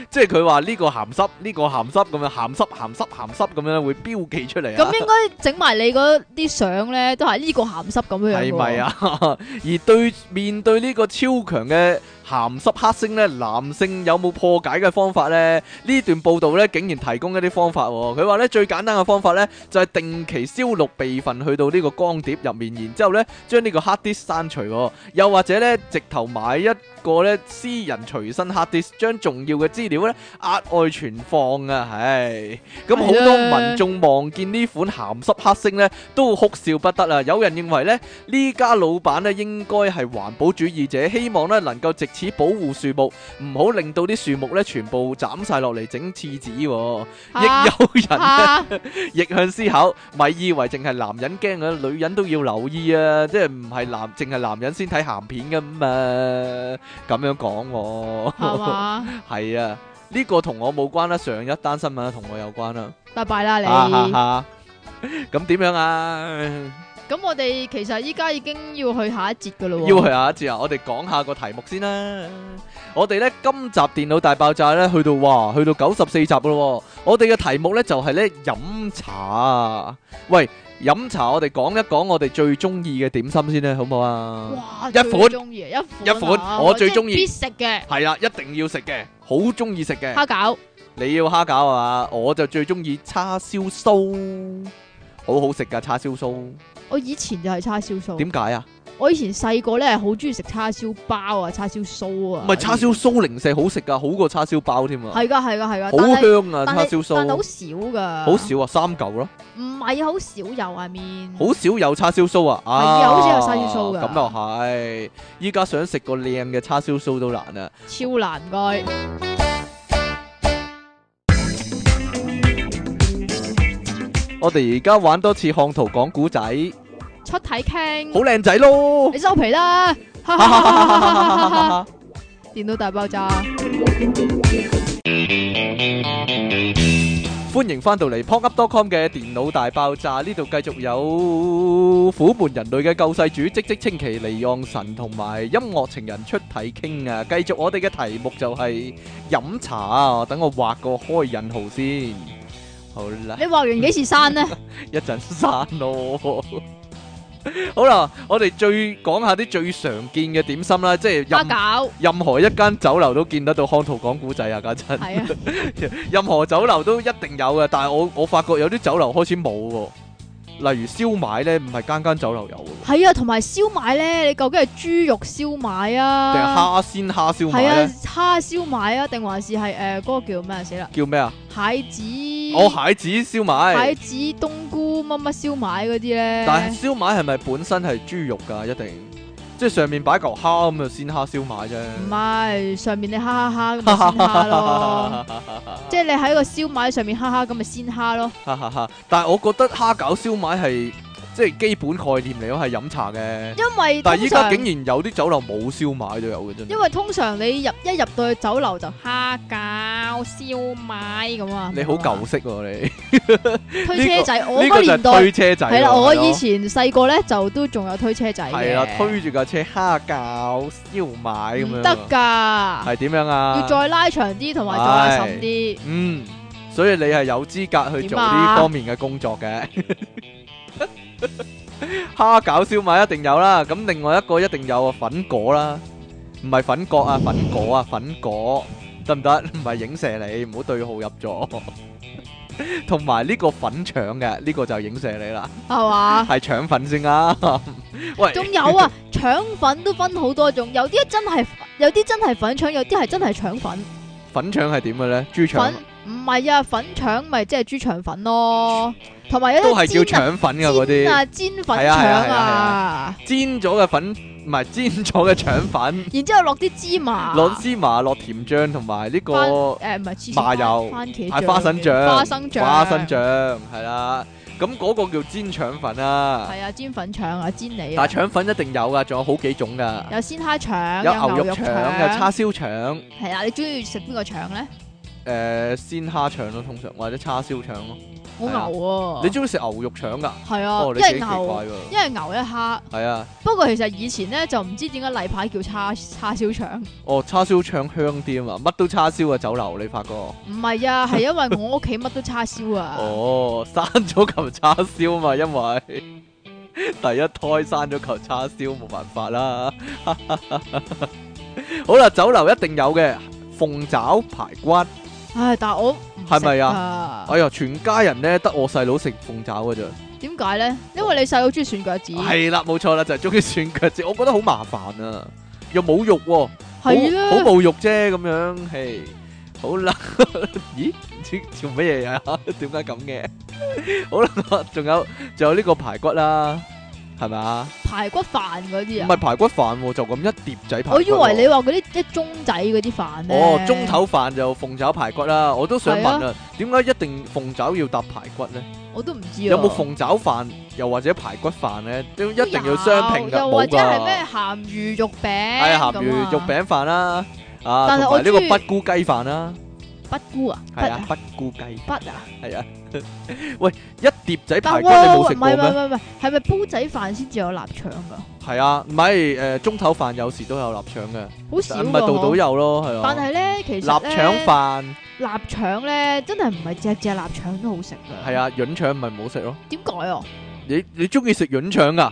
即係佢話呢個鹹濕，呢、呢個鹹濕咁樣鹹濕鹹濕鹹濕咁樣會標記出嚟，啊。咁應該整埋你嗰啲相咧，都係呢個鹹濕咁樣。係咪啊？是是啊 *laughs* 而對面對呢個超強嘅。鹹濕黑星咧，男性有冇破解嘅方法呢？呢段報道咧，竟然提供一啲方法、哦。佢話咧，最簡單嘅方法咧，就係、是、定期燒錄備份去到呢個光碟入面，然之後咧將呢個黑碟刪除、哦。又或者咧，直頭買一個咧私人隨身黑碟，將重要嘅資料咧額外存放。啊！唉、哎，咁好的多民眾望見呢款鹹濕黑星咧，都哭笑不得啊！有人認為咧呢家老闆咧應該係環保主義者，希望咧能夠直。此保護樹木，唔好令到啲樹木咧全部斬晒落嚟整廁紙喎。亦有人逆向思考，咪以為淨係男人驚嘅，女人都要留意啊！即係唔係男淨係男人先睇鹹片嘅咁啊咁樣講喎，係嘛？係啊，呢個同我冇關啦。上一單新聞同我有關啦。拜拜啦你。咁點樣啊？咁我哋其實依家已經要去下一節噶咯，要去下一節啊！我哋講下個題目先啦。我哋咧今集電腦大爆炸咧，去到哇，去到九十四集咯。我哋嘅題目咧就係咧飲茶啊。喂，飲茶我哋講一講我哋最中意嘅點心先啦，好唔好啊？哇！一款中意，一款一款我最中意，必食嘅係啦，一定要食嘅，好中意食嘅蝦餃。你要蝦餃啊？我就最中意叉燒酥，好好食噶叉燒酥。我以前就係叉燒酥。點解啊？我以前細個咧，好中意食叉燒包啊，叉燒酥啊。唔係叉燒酥零舍好食啊，好過叉燒包添啊。係噶，係噶，係啊，好香啊！叉燒酥。但係好少㗎。好少啊，三嚿咯。唔係啊，好少有啊面。好少有叉燒酥啊啊！好少有叉燒酥㗎。咁又係，依家想食個靚嘅叉燒酥都難啊，超難㗎。我哋而家玩多次看圖講古仔。出體傾，好靚仔咯！你收皮啦！哈哈哈哈哈哈哈哈哈哈！電腦大爆炸，歡迎翻到嚟 PopUp.com 嘅電腦大爆炸呢度，繼續有虎門人類嘅救世主，積積淇奇離岸神，同埋音樂情人出體傾啊！繼續我哋嘅題目就係飲茶啊！等我畫個開引號先，好啦，你畫完幾時刪呢？一陣刪咯。 *laughs* 好啦，我哋最講下啲最常見嘅點心啦，即係任，麼任何一間酒樓都見得到。看圖講古仔啊，家陣，任何酒樓都一定有嘅，但係我我發覺有啲酒樓開始冇喎。例如燒賣咧，唔係間間酒樓有喎。係啊，同埋燒賣咧，你究竟係豬肉燒賣啊，定係蝦鮮蝦燒賣？係啊，蝦燒賣啊，定還是係誒嗰個叫咩死啦？叫咩啊？蟹子哦，蟹子燒賣，蟹子冬菇乜乜燒賣嗰啲咧。但係燒賣係咪本身係豬肉㗎？一定。即係上面擺嚿蝦咁啊，鮮蝦燒賣啫。唔係上面你蝦蝦蝦咁咪鮮蝦咯。 *laughs* 即係你喺個燒賣上面蝦蝦咁咪鮮蝦咯。哈哈哈！但係我覺得蝦餃燒賣係。即係基本概念嚟咯，係飲茶嘅。因為但係依家竟然有啲酒樓冇燒賣都有嘅啫。因為通常你入一入到去酒樓就蝦餃、燒賣咁啊。你好舊式喎你，推車仔。我嗰個年代推車仔。係啦，我以前細個咧就都仲有推車仔嘅。係啦，推住架車蝦餃、燒賣咁樣。唔得㗎。係點樣啊？要再拉長啲，同埋再深啲。嗯，所以你係有資格去做呢方面嘅工作嘅。蝦餃燒賣一定有啦，咁另外一個一定有粉果啦，唔係粉角啊，粉果啊，粉果得唔得？唔係影射你，唔好對號入座。同埋呢個粉腸嘅，呢個就影射你啦，係嘛？係腸粉先啊！喂，仲有啊，腸粉都分好多種，有啲真係，有啲真係粉腸，有啲係真係腸粉。粉腸係點嘅咧？豬腸粉。唔係啊，粉腸咪即係豬腸粉咯，同埋有，有、啊、都係叫腸粉嘅嗰啲啊，煎粉腸啊，煎咗嘅粉唔係煎咗嘅腸粉，腸粉 *laughs* 然之後落啲芝麻，落芝麻落甜醬同埋呢個誒唔係芝麻油，係、呃、花生醬、啊，花生醬係啦，咁嗰、啊那個叫煎腸粉啦、啊，係啊，煎粉腸啊，煎你，但係腸粉一定有噶，仲有好幾種噶，有鮮蝦腸，有牛肉腸，有叉燒腸，係啦、啊，你中意食邊個腸咧？誒，鮮蝦腸咯，通常或者叉燒腸咯，好牛啊！啊你中意食牛肉腸噶？係啊，哦、你因為牛，因為牛一蝦係啊。不過其實以前咧就唔知點解例牌叫叉叉燒腸。哦，叉燒腸香啲啊嘛，乜都叉燒啊，酒樓，你發覺？唔係啊，係因為我屋企乜都叉燒啊。 *laughs* *laughs* 哦，生咗嚿叉燒嘛，因為 *laughs* 第一胎生咗嚿叉燒，冇辦法啦。 *laughs* 好啦，酒樓一定有嘅鳳爪、排骨。唉，但係我係咪啊？哎呀，全家人咧得我細佬食鳳爪嘅咋，點解咧？因為你細佬中意吮腳趾。係啦，冇錯啦，就係中意吮腳趾。我覺得好麻煩啊，又冇肉、哦的好，好好冇肉啫咁樣。係好啦，咦？做咩嘢呀？點解咁嘅？好啦，仲、 *laughs* 啊、 *laughs* 有仲有呢個排骨啦。係嘛？排骨飯嗰啲啊，唔係排骨飯，就咁一碟仔排骨、啊、我以為你話嗰啲一盅仔嗰啲飯哦，盅頭飯就鳳爪排骨啦、啊，我都想問啊，點解、啊、一定鳳爪要搭排骨咧？我都唔知、啊、有冇鳳爪飯又或者排骨飯咧？都有一定要雙拼噶。又或者係咩鹹魚肉餅、哎？係啊，鹹魚肉餅飯啦。啊，啊但係我呢個北菇雞飯啦。不菇啊，係啊，不菇雞，不啊，係是啊， *laughs* 喂，一碟仔排骨我你冇食過咩？唔係唔係唔係，係咪煲仔飯先至有臘腸啊？係啊，唔係，誒，中頭飯有時都有臘腸嘅，好少，唔係度度有咯，係啊。但係咧，其實臘腸飯，臘腸咧真係唔係只只臘腸都好食嘅。係啊，潤腸唔係唔好食咯。點解啊？你你中意食潤腸噶？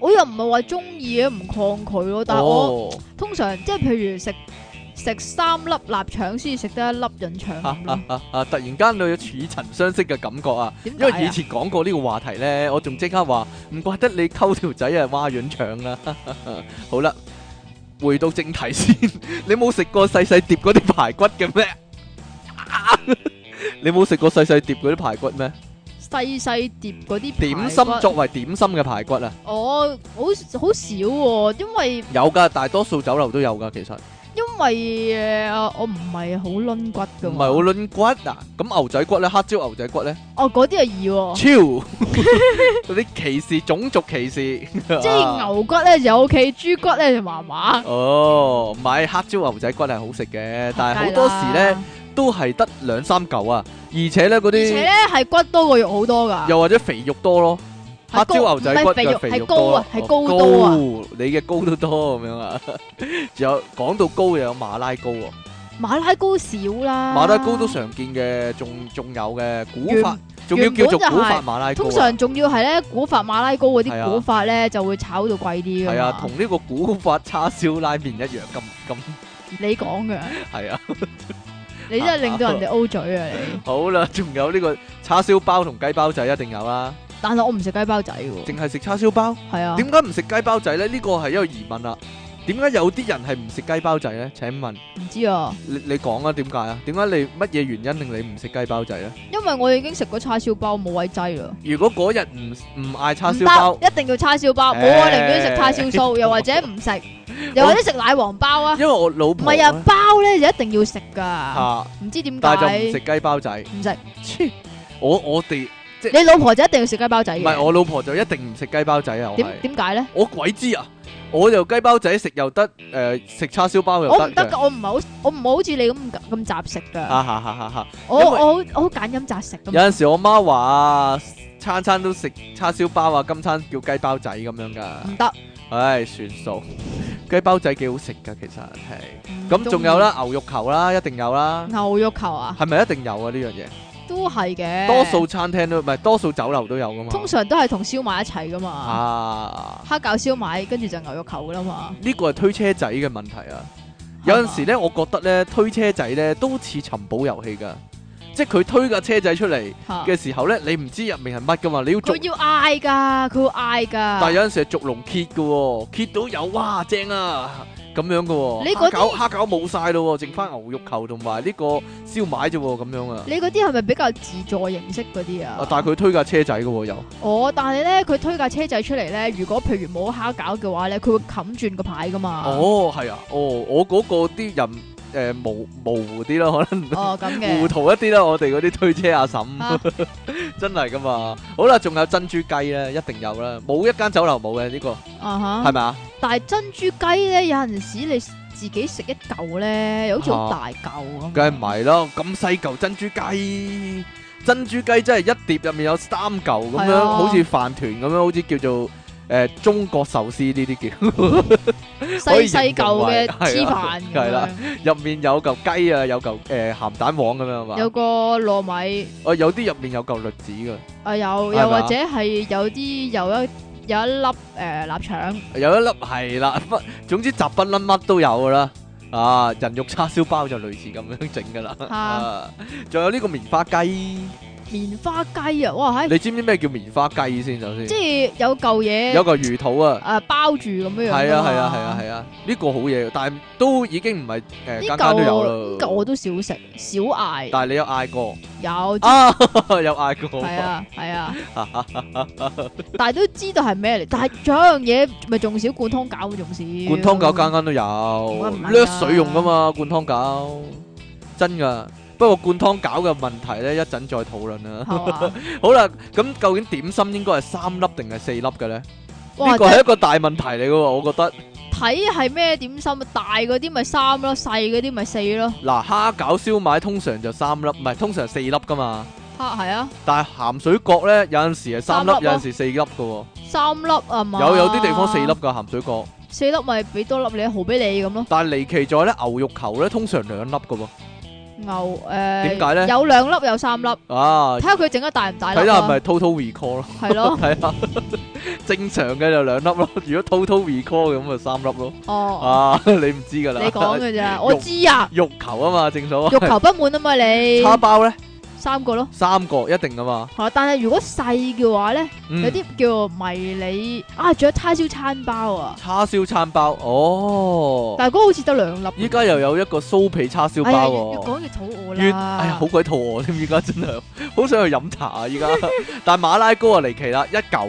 我又唔係話中意啊，唔抗拒咯，但係我、哦、通常即係譬如食。食三粒臘腸先至食得一粒潤腸，啊。啊，啊突然間有似曾相識嘅感覺啊！為因為以前講過呢個話題咧，我仲即刻話，唔怪得你溝條仔啊，哇潤腸啊！好啦，回到正題先，你冇食過細細碟嗰啲排骨嘅咩？ *laughs* 你冇食過細細碟嗰啲排骨咩？細細碟嗰啲點心作為點心嘅排骨啊？哦，好好少喎，哦，因為有噶大多數酒樓都有噶，其實。因為誒、呃，我唔係好掄骨噶，唔係好掄骨啊！咁牛仔骨咧，黑椒牛仔骨咧，哦，嗰啲係二，超，嗰啲歧視 *laughs* 種族歧視， *laughs* 即係牛骨咧就 OK，豬骨咧就麻麻。哦，咪黑椒牛仔骨係好食嘅，但係好多時咧都係得兩三嚿啊，而且咧嗰啲而且咧係骨多過肉好多噶，又或者肥肉多咯。黑椒牛仔骨嘅肥肉係高啊，係高多啊，你嘅高都多咁樣啊，仲有講到高又有馬拉糕啊，馬拉糕少啦，馬拉糕都常見嘅，仲仲有嘅古法，仲要叫做古法馬拉糕啊，通常仲要係咧古法馬拉糕嗰啲古法咧就會炒到貴啲噶，係啊，同呢個古法叉燒拉麵一樣咁咁，你講嘅係啊，你真係令到人哋 O 嘴啊你，好啦，仲有呢個叉燒包同雞包仔一定有啦。但係我唔食雞包仔喎，淨係食叉燒包。係啊，點解唔食雞包仔咧？呢個係一個疑問啦。點解有啲人係唔食雞包仔咧？請問唔知啊。你你講啊，點解啊？點解你乜嘢原因令你唔食雞包仔咧？因為我已經食過叉燒包，冇位滯啦。如果嗰日唔唔嗌叉燒包，一定要叉燒包。我寧願食叉燒酥，又或者唔食，又或者食奶黃包啊。因為我老唔係啊，包咧就一定要食噶。唔知點解，就唔食雞包仔，唔食。我我哋。你老婆就一定要食雞包仔？唔係，我老婆就一定唔食雞包仔啊！點點解咧？我鬼知啊！我就雞包仔食又得，誒食叉燒包又得。我唔得噶，我唔係好，我唔係好似你咁咁雜食噶。啊哈哈哈！我我好我好揀飲雜食。有陣時我媽話，餐餐都食叉燒包啊，今餐叫雞包仔咁樣噶。唔得，唉算數，雞包仔幾好食噶，其實係。咁仲有啦，牛肉球啦，一定有啦。牛肉球啊？係咪一定有啊？呢樣嘢？都係嘅，多數餐廳都。唔係，多數酒樓都有噶嘛。通常都係同燒賣一齊噶嘛。啊，蝦餃燒賣跟住就牛肉球啦嘛。呢個係推車仔嘅問題啊。吧有陣時咧，我覺得咧推車仔咧都似尋寶遊戲㗎，即係佢推架車仔出嚟嘅時候咧，啊、你唔知入面係乜噶嘛，你要逐。佢要嗌㗎，佢會嗌㗎。但係有陣時係逐龍揭㗎喎，揭到有哇、啊、正啊！咁樣嘅喎、啊，蝦餃蝦餃冇晒咯，剩翻牛肉球同埋呢個燒賣啫喎，咁樣啊！樣啊，你嗰啲係咪比較自助形式嗰啲啊？啊，但係佢推架車仔嘅又、啊。哦，但係咧佢推架車仔出嚟咧，如果譬如冇蝦餃嘅話咧，佢會冚轉個牌噶嘛。哦，係啊，哦，我嗰個啲人。誒、呃、模模糊啲咯，可能咁、哦、 *laughs* 糊塗一啲咯，我哋嗰啲推車阿嬸，啊、 *laughs* 真係㗎嘛？好啦，仲有珍珠雞咧，一定有啦，冇一間酒樓冇嘅呢個，係咪啊哈？吧但係珍珠雞咧，有陣時你自己食一嚿咧，好似好大嚿，梗係唔係咯？咁細嚿珍珠雞，珍珠雞真係一碟入面有三嚿咁、嗯、樣，好似飯團咁樣，好似叫做。誒中國壽司呢啲叫細細嚿嘅黐飯，係啦，入面有嚿雞啊，有嚿誒鹹蛋黃咁樣啊嘛，有個糯米，哦，有啲入面有嚿栗子嘅，啊有，又或者係有啲有一有一粒誒臘腸，有一粒係啦，乜總之雜不甩乜都有嘅啦，啊人肉叉燒包就類似咁樣整嘅啦，啊，仲有呢個棉花雞。棉花雞啊！哇，你知唔知咩叫棉花雞先？首先，即係有嚿嘢，有個魚肚啊，啊包住咁樣樣。係啊係啊係啊係啊！呢個好嘢，但係都已經唔係誒間間都有啦。我都少食，少嗌。但係你有嗌過？有有嗌過。係啊係啊。但係都知道係咩嚟，但係仲有樣嘢咪仲少灌湯餃，仲少。灌湯餃間間都有，掠水用噶嘛？灌湯餃真噶。不過灌湯餃嘅問題咧，一陣再討論啦。好啦，咁究竟點心應該係三粒定係四粒嘅咧？呢個係一個大問題嚟嘅，我覺得。睇係咩點心，大嗰啲咪三粒，細嗰啲咪四粒。嗱，蝦餃燒賣通常就三粒，唔係通常四粒噶嘛。吓，係啊。但係鹹水角咧，有陣時係三粒，有陣時四粒嘅。三粒啊嘛。有有啲地方四粒嘅鹹水角。四粒咪俾多粒你，豪俾你咁咯。但係離奇在咧，牛肉球咧通常兩粒嘅。牛誒，點解咧？有兩粒有三粒啊！睇下佢整得大唔大粒啊！睇下係咪 Total recall 咯？係咯，睇下 *laughs* 正常嘅就兩粒咯。如果 Total recall 嘅咁就三粒咯。哦，啊，你唔知噶啦？你講嘅咋？ *laughs* 玉我知啊，欲求啊嘛，正所謂。欲求不滿啊嘛，你叉包咧？三個咯，三個一定噶嘛。係、啊，但係如果細嘅話咧，嗯、有啲叫做迷你啊，仲有叉燒餐包啊。叉燒餐包，哦。但係嗰個好似得兩粒。依家又有一個酥皮叉燒包，越講越肚餓啦。哎呀，好鬼肚餓添，依家、哎、真係好想去飲茶啊！依家，但係馬拉糕啊離奇啦，一嚿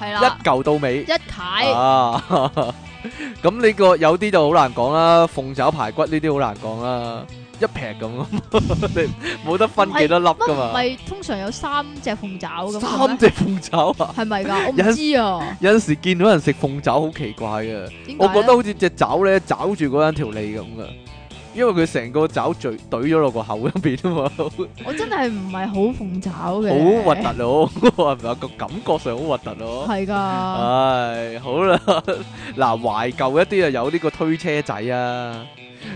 係啦，一嚿到尾一攤塊。咁呢、啊、 *laughs* 個有啲就好難講啦，鳳爪排骨呢啲好難講啦。一劈咁，你冇得分幾多粒噶嘛？咪通常有三隻鳳爪咁。三隻鳳爪啊？係咪噶？我唔知啊。有陣時見到人食鳳爪，好奇怪嘅，我覺得好似隻爪咧，爪住嗰根條脷咁噶。因為佢成個爪咀懟咗落個口入邊啊嘛。我真係唔係好鳳爪嘅，好核突咯。我話唔係個感覺上好核突咯。係噶。唉，好啦，嗱，懷舊一啲啊，有呢個推車仔啊。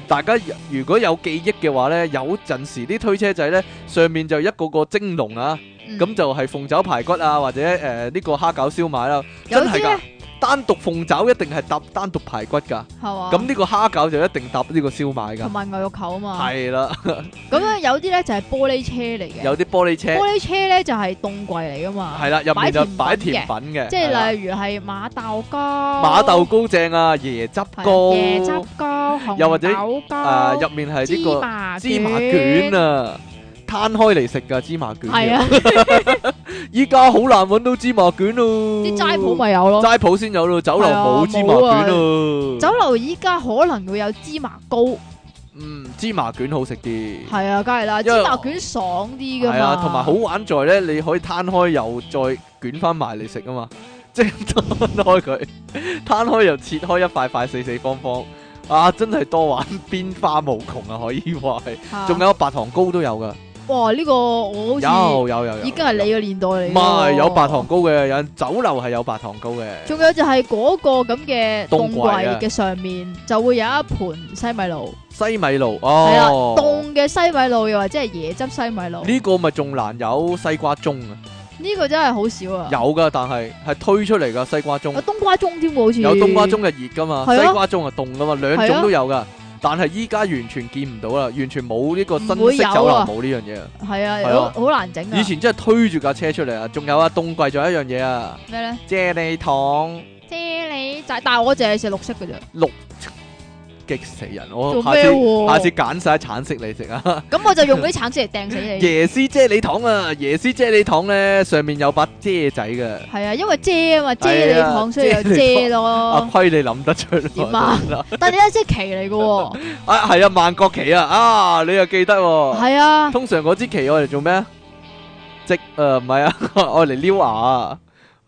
大家如果有記憶嘅話咧，有陣時啲推車仔咧，上面就一個個蒸籠啊，咁就係鳳爪排骨啊，或者誒呢個蝦餃燒賣啦。真係㗎，單獨鳳爪一定係搭單獨排骨㗎，係嘛？咁呢個蝦餃就一定搭呢個燒賣㗎。同埋牛肉球啊嘛。係啦。咁樣有啲咧就係玻璃車嚟嘅。有啲玻璃車。玻璃車咧就係凍櫃嚟㗎嘛。係啦，入面就擺甜品嘅。即係例如係馬豆糕。馬豆糕正啊！椰汁糕。椰汁糕。又或者誒入、呃、面係呢、呢個芝麻，芝麻卷啊，攤開嚟食噶芝麻卷。係是啊，依家好難揾到芝麻卷咯。啲齋鋪咪有咯，齋鋪先有咯，酒樓冇芝麻卷咯。啊啊、酒樓依家可能會有芝麻糕，嗯，芝麻卷好食啲。係啊，梗係啦，為芝麻卷爽啲噶。係啊，同埋好玩在咧，你可以攤開又再捲翻埋嚟食啊嘛，即係 *laughs* *laughs* 攤開佢，攤開又切開一塊塊四四方方，方。啊！真係多玩，變化無窮啊，可以話係。仲有白糖糕都有噶。哇！呢個我好似有有有有。已經係你嘅年代嚟。唔係有白糖糕嘅，有酒樓係有白糖糕嘅。仲有就係嗰個咁嘅凍櫃嘅上面，就會有一盤西米露。西米露哦。係啊。凍嘅西米露，又或者係椰汁西米露。呢個咪仲難有西瓜盅啊！呢個真係好少啊！有噶，但係係推出嚟噶西瓜盅，冬瓜盅添喎，好似有冬瓜盅嘅熱噶嘛，啊、西瓜盅啊凍噶嘛，兩種都有噶，啊、但係依家完全見唔到啦，完全冇呢個新式酒樓冇呢樣嘢。係啊，好難整啊！以前真係推住架車出嚟啊，仲有啊，冬季仲有一樣嘢啊，咩咧？啫喱糖，啫喱仔，但係我淨係食綠色嘅啫，綠激死人！我下次、啊、下次揀晒橙色嚟食啊！咁、嗯、 *laughs* 我就用啲橙色嚟掟死你。 *laughs* 椰絲啫喱糖啊！椰絲啫喱糖咧，上面有把遮仔嘅。係啊，因為啫啊嘛，啫喱糖所以又啫咯。虧、 *laughs* 啊、你諗得出啊？對 *laughs* 但係呢隻旗嚟嘅。 *laughs* 啊，係啊，萬國旗啊！啊，你又記得？係啊。啊通常嗰支旗我嚟做咩啊？即，誒、呃，唔係啊，我嚟撩牙。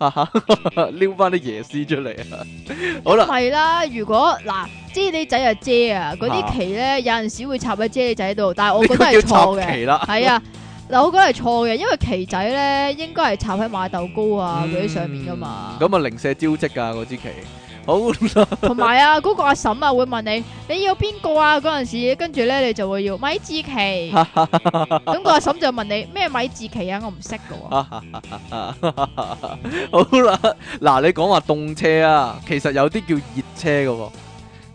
*laughs* 撩翻啲椰絲出嚟啊！ *laughs* 好啦，係啦，如果嗱，遮你仔啊遮啊，嗰啲旗咧有陣時會插喺遮你仔度，但係我覺得係錯嘅。係啊，嗱，我覺得係錯嘅，因為旗仔咧應該係插喺馬豆糕啊，嗰啲，嗯、上面噶嘛。咁啊，零舍招積噶嗰支旗。好，同埋 *laughs* 啊，嗰、嗰個阿嬸啊會問你你要邊個啊？嗰陣時，跟住咧你就會要米志其，咁 *laughs* 個阿嬸就問你咩米志其啊？我唔識噶。 *laughs* 好啦，嗱你講話凍車啊，其實有啲叫熱車噶、哦。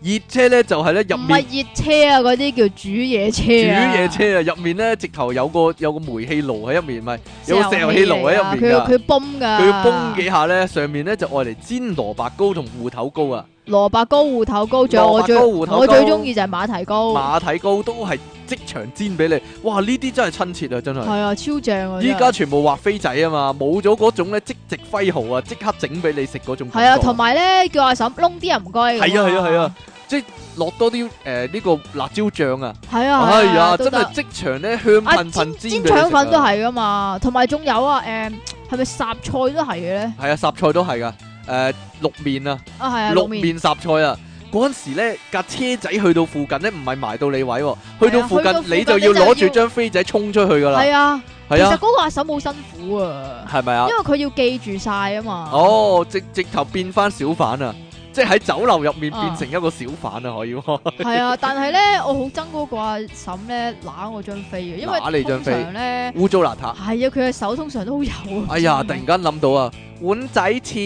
熱車咧就係咧，入面熱車啊，嗰啲叫煮嘢車。煮嘢車啊，入、啊、面咧直頭有個有個煤氣爐喺入面，咪有個石油氣爐喺入面。佢要佢泵噶，佢要泵幾下咧，上面咧就愛嚟煎蘿蔔糕同芋頭糕啊。蘿蔔糕、芋頭糕，仲有我最芋頭我最中意就係馬蹄糕。馬蹄糕都係即場煎俾你，哇！呢啲真係親切啊，真係。係啊，超正啊！依家全部畫飛仔啊嘛，冇咗嗰種咧即席揮毫啊，即刻整俾你食嗰種。係啊，同埋咧叫阿嬸窿啲人唔該。係啊，係啊，係啊。即落多啲誒呢個辣椒醬啊！係啊，係啊，真係即場咧香噴噴煎腸粉都係噶嘛，同埋仲有啊誒，係咪雜菜都係嘅咧？係啊，雜菜都係噶誒，綠麵啊啊，係啊，綠麵雜菜啊！嗰陣時咧架車仔去到附近咧，唔係埋到你位，去到附近你就要攞住張飛仔衝出去噶啦！係啊，係啊，其實嗰個阿嫂好辛苦啊，係咪啊？因為佢要記住晒啊嘛。哦，直直頭變翻小販啊！即喺酒樓入面變成一個小販啊，可以喎。係啊，但係咧，我好憎嗰個阿嬸咧揦我張飛啊，因為通常咧揦你張飛，污糟邋遢。係啊，佢嘅手通常都好油啊。哎呀，突然間諗到啊，碗仔翅。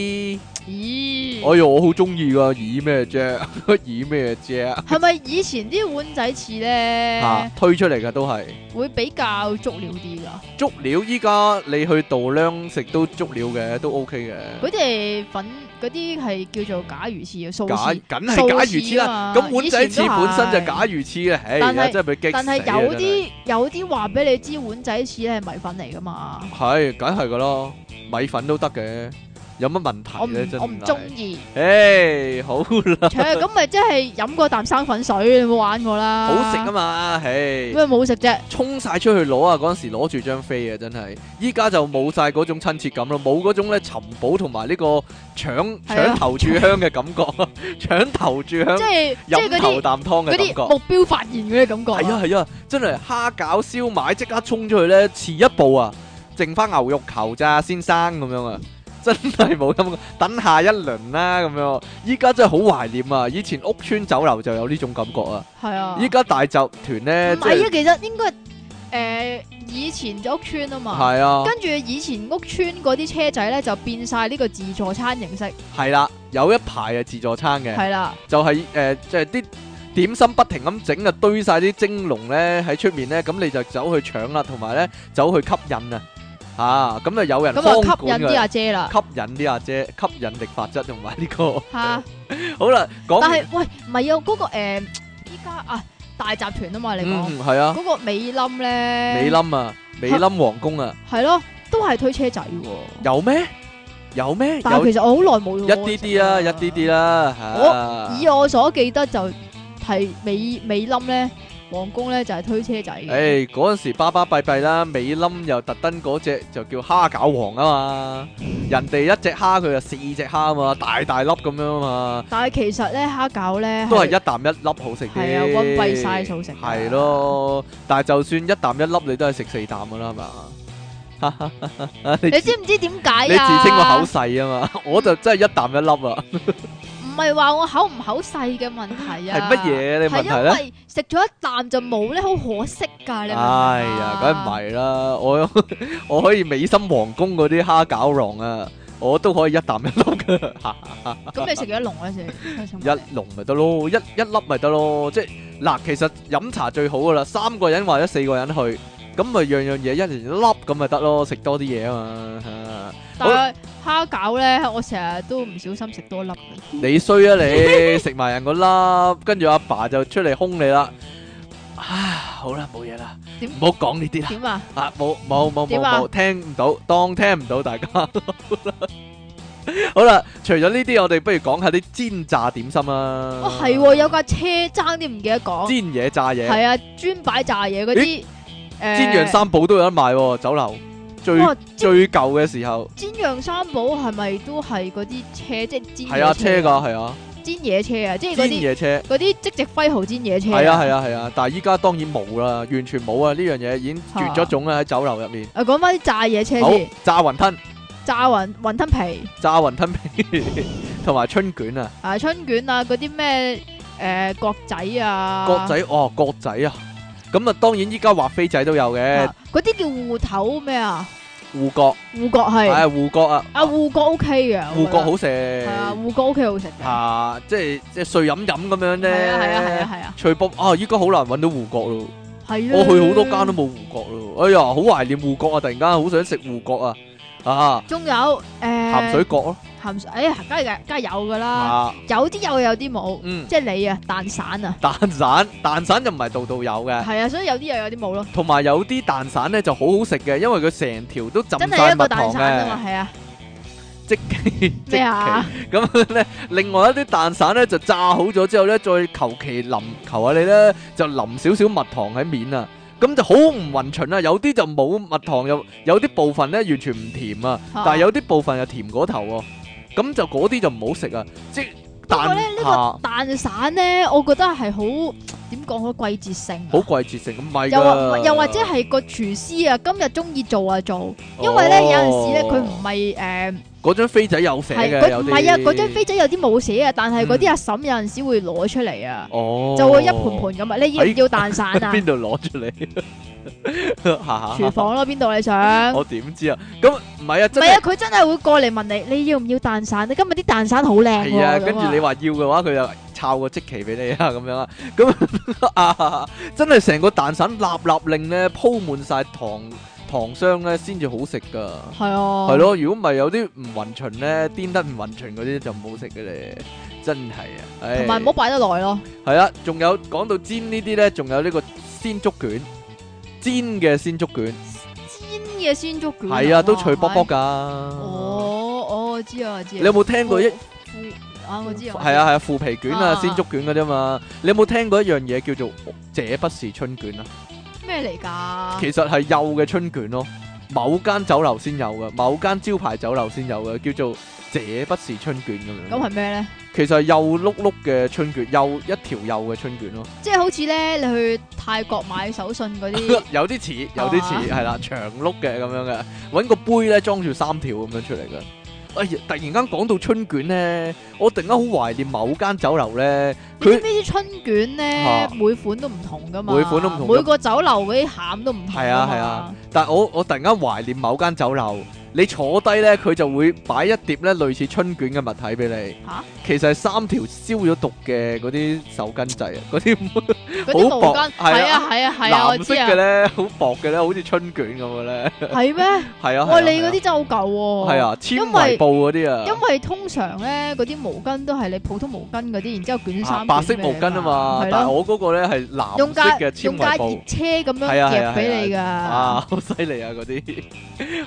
咦？哎唷，我好中意㗎，以咩啫？以咩啫？係咪 *laughs* 以前啲碗仔翅咧、啊？推出嚟嘅都係。會比較足料啲㗎。足料，依家你去度量食都足料嘅，都 OK 嘅。佢哋粉。嗰啲係叫做假魚翅，素翅，假，梗係假魚翅啦。咁碗仔翅本身就假魚翅嘅。係啊，唉，真係俾激死啊！但係有啲有啲話俾你知，碗仔翅咧係米粉嚟噶嘛？係，梗係噶咯，米粉都得嘅。有乜問題咧？我唔真係我唔中意。誒，好啦，咁咪即係飲過啖生粉水，你冇玩過啦。好食啊嘛，誒、hey，點解冇食啫？衝晒出去攞啊！嗰陣時攞住張飛啊，真係依家就冇晒嗰種親切感咯，冇嗰種咧尋寶同埋呢個搶搶頭柱香嘅感覺，搶、啊、 *laughs* 頭柱香，即係即係頭啖湯嘅感覺，目標發現嘅感覺。係啊係啊，真係蝦餃燒賣即刻衝出去咧，遲一步啊，剩翻牛肉球咋，先生咁樣啊！真係冇咁，等下一輪啦咁樣。依家真係好懷念啊！以前屋村酒樓就有呢種感覺是啊，啊。係啊、就是。依家大集團呢？唔係啊，其實應該誒、呃，以前屋村啊嘛。係是啊。跟住以前屋村嗰啲車仔呢，就變晒呢個自助餐形式。係啦、啊，有一排係自助餐嘅。係啦是、啊就是呃。就係誒，即係啲點心不停咁整啊，堆晒啲蒸籠呢喺出面呢。咁你就走去搶啦，同埋呢走去吸引啊。吓咁啊！有人吸引啲阿姐啦，吸引啲阿姐吸引力法則同埋呢個吓好啦，但係喂唔係啊？嗰個誒，依家啊大集團啊嘛，你講係啊嗰個美冧咧，美冧啊，美冧皇宮啊，係咯，都係推車仔喎，有咩有咩？但係其實我好耐冇用一啲啲啊，一啲啲啦。我以我所記得就係美美冧咧。皇宮咧就係推車仔，誒嗰陣時巴巴閉閉啦，美冧又特登嗰隻就叫蝦餃王啊嘛，人哋一隻蝦佢就四隻蝦啊嘛，大大粒咁樣啊嘛，但係其實咧蝦餃咧都係一啖一粒好食嘅，係啊，溫貴晒好食，係咯，但係就算一啖一粒你都係食四啖噶啦，係嘛，你知唔知點解啊？你自稱個口細啊嘛，我就真係一啖一粒啊。唔係話我口唔口細嘅問題啊，係乜嘢呢？係因為食咗一啖就冇咧，好可惜㗎！你，哎呀，梗唔係啦，我 *laughs* 我可以美心皇宮嗰啲蝦餃王啊，我都可以一啖一粒㗎。咁你食咗一籠啊？一籠咪得咯，一一粒咪得咯。即係嗱，其實飲茶最好㗎啦，三個人或者四個人去。咁咪樣樣嘢一人一粒咁咪得咯，食多啲嘢啊嘛！但係蝦餃咧，我成日都唔小心食多粒。你衰啊你，食埋人個粒，跟住阿爸就出嚟兇你啦！啊，好啦，冇嘢啦，唔好講呢啲啦。點啊？啊，冇冇冇冇冇，聽唔到，當聽唔到，大家都好啦。除咗呢啲，我哋不如講下啲煎炸點心啊！哦，係，有架車爭啲唔記得講煎嘢炸嘢，係啊，專擺炸嘢嗰啲。欸、煎羊三寶都有得賣喎，酒樓最最舊嘅時候，煎羊三寶係咪都係嗰啲車即係煎車？係啊，車噶係啊，煎野車啊，即係嗰啲煎野車，嗰啲即席揮毫煎野車。係啊係啊係啊，但係依家當然冇啦，完全冇啊，呢樣嘢已經轉咗種啊喺酒樓入面。啊，講翻啲炸野車先，炸雲吞，炸雲雲吞皮，炸雲雲吞皮同 *laughs* 埋春、啊、春卷啊，啊春卷啊，嗰啲咩誒角仔啊，角仔哦角仔啊。咁啊，當然依家華飛仔都有嘅，嗰啲、啊、叫芋頭咩角、哎、啊？芋、啊、角、OK，芋角係，啊，芋角啊！啊芋角 OK 嘅，芋角好食。係啊，芋角 OK 好食。啊，即係即碎飲飲咁樣啫。係啊係啊係啊係啊脆卜啊，依家好難揾到芋角咯。係咯。我去好多間都冇芋角咯。哎呀，好懷念芋角啊！突然間好想食芋角啊！啊，仲有誒鹹水角咯，鹹水哎呀，梗係嘅，梗係有㗎啦，有啲有，有啲冇，嗯，即係你啊，蛋散啊，蛋散，蛋散就唔係度度有嘅，係啊，所以有啲又有啲冇咯，同埋有啲蛋散咧就好好食嘅，因為佢成條都浸曬蜜糖嘅，真係一個蛋散啊嘛，係啊，即係，即係啊。咁咧，另外一啲蛋散咧就炸好咗之後咧，再求其淋求下你咧，就淋少少蜜糖喺面啊。咁就好唔均勻啦，有啲就冇蜜糖，有有啲部分咧完全唔甜啊，oh. 但係有啲部分又甜過頭喎，咁就嗰啲就唔好食啊，即但咧、這個、呢個蛋散咧，我覺得係好點講，好季節性，好季節性咁，又或又或者係個廚師啊，今日中意做啊做，因為咧、哦、有陣時咧佢唔係誒嗰張飛仔有肥，嘅，係些啊嗰張飛仔有啲冇寫嘅，但係嗰啲阿嬸有陣時會攞出嚟啊，嗯、就會一盤盤咁啊，你要唔要蛋散啊？邊度攞出嚟？廚、 *laughs* 啊、房咯，邊度你想？ *noise* 我點知啊？咁唔係啊，真係，唔係啊，佢真係會過嚟問你，你要唔要蛋散？你今日啲蛋散好靚，係啊。覺跟住你話要嘅話，佢就抄個即期俾你啊，咁樣啊。咁啊，真係成個蛋散立立令咧，鋪滿晒糖糖霜咧，先至好食噶。係啊，係咯。如果唔係有啲唔勻巡咧，顛得唔勻巡嗰啲就唔好食嘅咧，真係啊。同埋唔好擺得耐咯。係啊、嗯，仲有講到煎呢啲咧，仲有呢個鮮竹卷。煎嘅鮮竹卷，煎嘅鮮竹卷，係啊，都脆卜卜㗎。哦，我知啊，我知。你有冇聽過一腐？啊，我知啊。係啊係啊，腐皮卷啊，鮮竹卷嘅啫嘛。你有冇聽過一樣嘢叫做這不是春卷啊？咩嚟㗎？其實係幼嘅春卷咯，某間酒樓先有嘅，某間招牌酒樓先有嘅，叫做。這不是春卷咁樣，咁係咩咧？其實幼碌碌嘅春卷，幼一條幼嘅春卷咯。即係好似咧，你去泰國買手信嗰啲，有啲似，有啲似，係啦，長碌嘅咁樣嘅，搵個杯咧裝住三條咁樣出嚟嘅。哎，突然間講到春卷咧，我突然間好懷念某間酒樓咧。佢呢啲春卷咧，啊、每款都唔同噶嘛，每款都唔同，每個酒樓嗰啲餡都唔同、啊。係啊係啊，但我我突然間懷念某間酒樓。你坐低呢，佢就會擺一碟呢類似春卷嘅物體俾你、啊。其實係三條消咗毒嘅嗰啲手巾仔啊，嗰啲啲毛巾係啊係啊係啊，我知啊，藍色嘅咧，好薄嘅咧，好似春卷咁嘅咧，係咩？係啊，喂你嗰啲真係好舊喎，係啊，纖維布嗰啲啊，因為通常咧嗰啲毛巾都係你普通毛巾嗰啲，然之後捲衫白色毛巾啊嘛，但係我嗰個咧係藍色嘅纖維布車咁樣夾俾你㗎，啊好犀利啊嗰啲，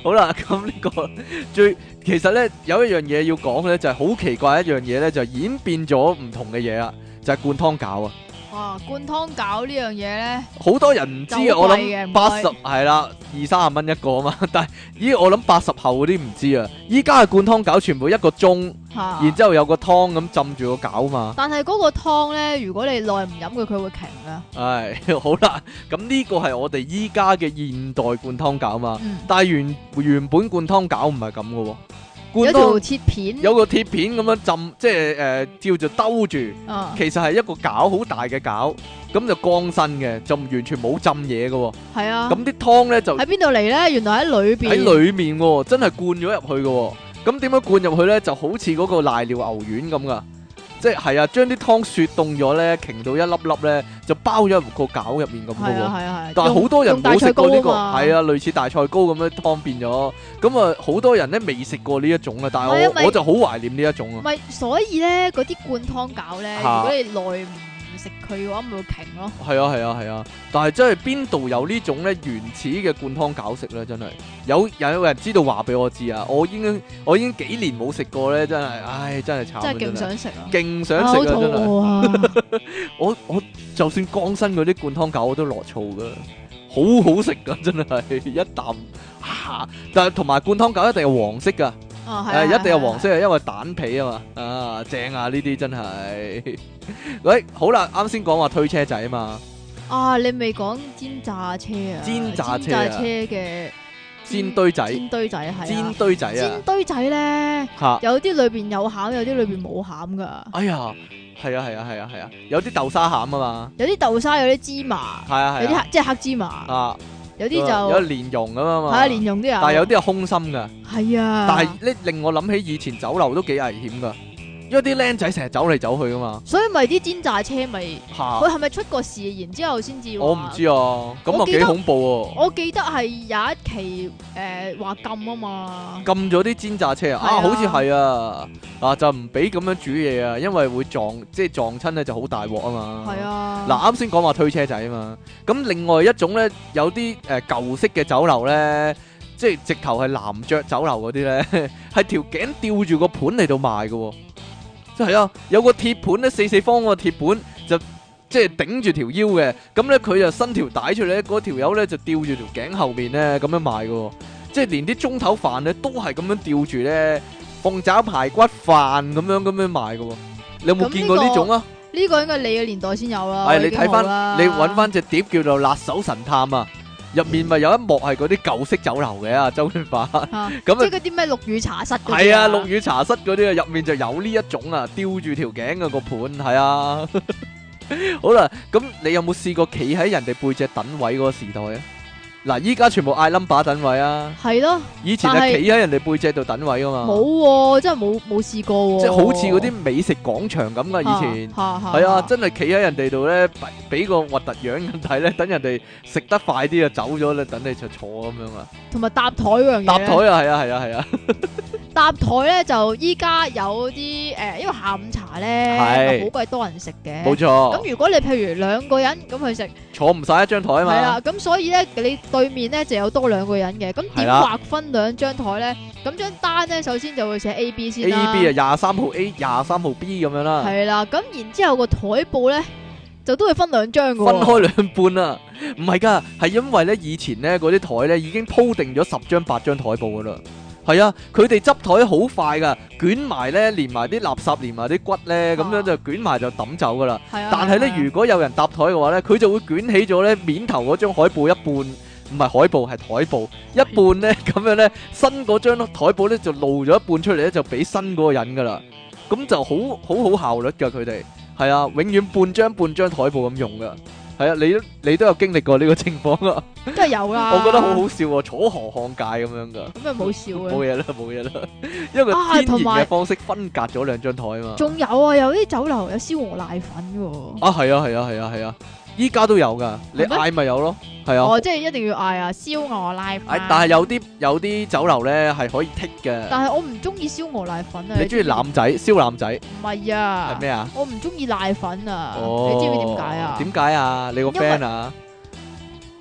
好啦，咁呢個最其實咧有一樣嘢要講嘅咧，就係好奇怪一樣嘢咧。就演變咗唔同嘅嘢啦！就係、是、灌湯餃啊！哇！灌湯餃呢樣嘢咧，好多人唔知啊！我諗八十係啦，二三十蚊一個啊嘛。但係咦我諗八十後嗰啲唔知啊。依家嘅灌湯餃全部一個盅，啊、然之後有個湯咁浸住個餃啊嘛。但係嗰個湯咧，如果你耐唔飲嘅，佢會停啊。係、哎、好啦，咁呢個係我哋依家嘅現代灌湯餃啊嘛。嗯、但係原原本灌湯餃唔係咁嘅喎。有條鐵片，有個鐵片咁樣浸，即係誒，叫做兜住。著著啊、其實係一個餃，好大嘅餃，咁就光身嘅，就完全冇浸嘢嘅。係是啊湯呢，咁啲湯咧就喺邊度嚟咧？原來喺裏邊喺裏面喎，真係灌咗入去嘅。咁點樣，樣灌入去咧？就好似嗰個瀨尿牛丸咁噶。即係啊，將啲湯雪凍咗咧，擎到一粒粒咧，就包咗個餃入面咁嘅喎。係啊、係啊、但係好多人冇食過呢、呢個，係啊，呢個、類似大菜糕咁樣湯變咗。咁啊，好多人咧未食過呢一種啊，但係我我就好懷念呢一種啊。咪所以咧，嗰啲灌湯餃咧，如果你耐，食佢嘅話咪會停咯，係 *noise* 啊、係啊、係啊，但係真係邊度有呢種咧原始嘅灌湯餃食咧？真係有有有人知道話俾我知啊！我已經我已經幾年冇食過咧，真係，唉、哎，真係慘、啊。真係勁想食，勁想食啊！啊 *laughs* 我我就算江身嗰啲灌湯餃我都落醋噶，好好食噶，真係 *laughs* 一啖，吓、啊！但係同埋灌湯餃一定係黃色噶。啊，係，一定係黃色啊，因為蛋皮啊嘛，啊，正啊，呢啲真係。喂，好啦，啱先講話推車仔啊嘛，啊，你未講煎炸車啊？煎炸車嘅煎堆仔，煎堆仔係，煎堆仔啊，煎堆仔咧，吓，有啲裏邊有餡，有啲裏邊冇餡噶。哎呀，係啊，係啊，係啊，係啊，有啲豆沙餡啊嘛，有啲豆沙，有啲芝麻，係啊，有啲即係黑芝麻啊。有啲就有蓮蓉咁啊嘛，係啊，蓮蓉啲啊，但係有啲係空心噶，係啊，但係呢令我諗起以前酒樓都幾危險噶。因為啲僆仔成日走嚟走去噶嘛，所以咪啲煎炸車咪，佢係咪出過事，然之後先至？我唔知啊，咁啊幾恐怖啊。我記得係有一期誒話、呃、禁啊嘛，禁咗啲煎炸車啊，啊，好似係啊啊，就唔俾咁樣煮嘢啊，因為會撞，即係撞親咧就好大鑊啊嘛。係啊，嗱啱先講話推車仔啊嘛，咁另外一種咧有啲誒、呃、舊式嘅酒樓咧，即係直頭係男爵酒樓嗰啲咧，係 *laughs* 條頸吊住個盤嚟到賣嘅，啊。即係啊，有個鐵盤咧，四四方個鐵盤，就即係頂住條腰嘅，咁咧佢就伸條帶出嚟，嗰條友咧就吊住條頸後邊咧，咁樣賣嘅，即係連啲中頭飯咧都係咁樣吊住咧，鳳爪排骨飯咁樣咁樣賣嘅，你有冇見過呢種啊？呢、這個這個應該你嘅年代先有啊。係，你睇翻，你搵翻隻碟叫做《辣手神探》啊。入面咪有一幕係嗰啲舊式酒樓嘅啊，周潤發咁即係嗰啲咩陸羽茶室嗰啲，係啊，陸羽茶室嗰啲啊，入面就有呢一種啊，吊住條頸嘅、啊個盤，係啊， *laughs* 好啦，咁你有冇試過企喺人哋背脊等位嗰個時代啊？嗱，依家全部嗌 number，等位啊，係咯，以前係企喺人哋背脊度等位啊嘛。冇，真係冇，冇試過，即係好似嗰啲美食廣場咁噶以前，係啊，啊啊真係企喺人哋度咧，俾個核突樣咁睇咧，等人哋食得快啲 *laughs* 就走咗啦，等你就坐咁樣啊，同埋搭台嗰樣嘢，搭台啊，係啊，係啊，係啊，搭台咧就依家有啲誒，因為下午茶咧好鬼多人食嘅，冇錯，咁如果你譬如兩個人咁去食，坐唔晒一張台啊嘛，係啊，咁所以咧你。對面咧就有多兩個人嘅，咁點劃分兩張台咧？咁張單咧首先就會寫 A B 先啦。A B 啊，廿三號 A，廿三號 B 咁樣啦。係啦，咁然之後個台布咧就都會分兩張嘅。分開兩半啊！唔係㗎，係因為咧以前咧嗰啲台咧已經鋪定咗十張八張台布㗎啦。係啊，佢哋執台好快㗎，捲埋咧連埋啲垃圾，連埋啲骨咧，咁樣就捲埋就抌走㗎啦。係啊。但係咧，如果有人搭台嘅話咧，佢就會捲起咗咧面頭嗰張台布一半。唔係海報，係台布，一半咧咁樣咧，新嗰張，咯，台布咧就露咗一半出嚟咧，就俾新嗰個人噶啦，咁就好好好效率噶佢哋，係啊，永遠半張半張台布咁用噶，係啊，你你都有經歷過呢個情況啊？梗係有噶、啊， *laughs* 我覺得好好笑喎，楚河漢界咁樣噶，咁又冇笑啊，冇嘢啦冇嘢啦， *laughs* 因為天然嘅方式分隔咗兩張台啊嘛，仲有啊，有啲酒樓有燒鵝瀨粉喎，啊係、啊係、啊係、啊係啊。啊依家都有噶，你嗌咪有咯，係啊！哦，即係一定要嗌啊！燒鵝瀨粉。但係有啲有啲酒樓咧係可以剔嘅。但係我唔中意燒鵝瀨粉。你中意腩仔，燒腩仔。唔係啊。係咩啊？我唔中意瀨粉啊！你知唔知點解啊？點解啊？你個 friend 啊？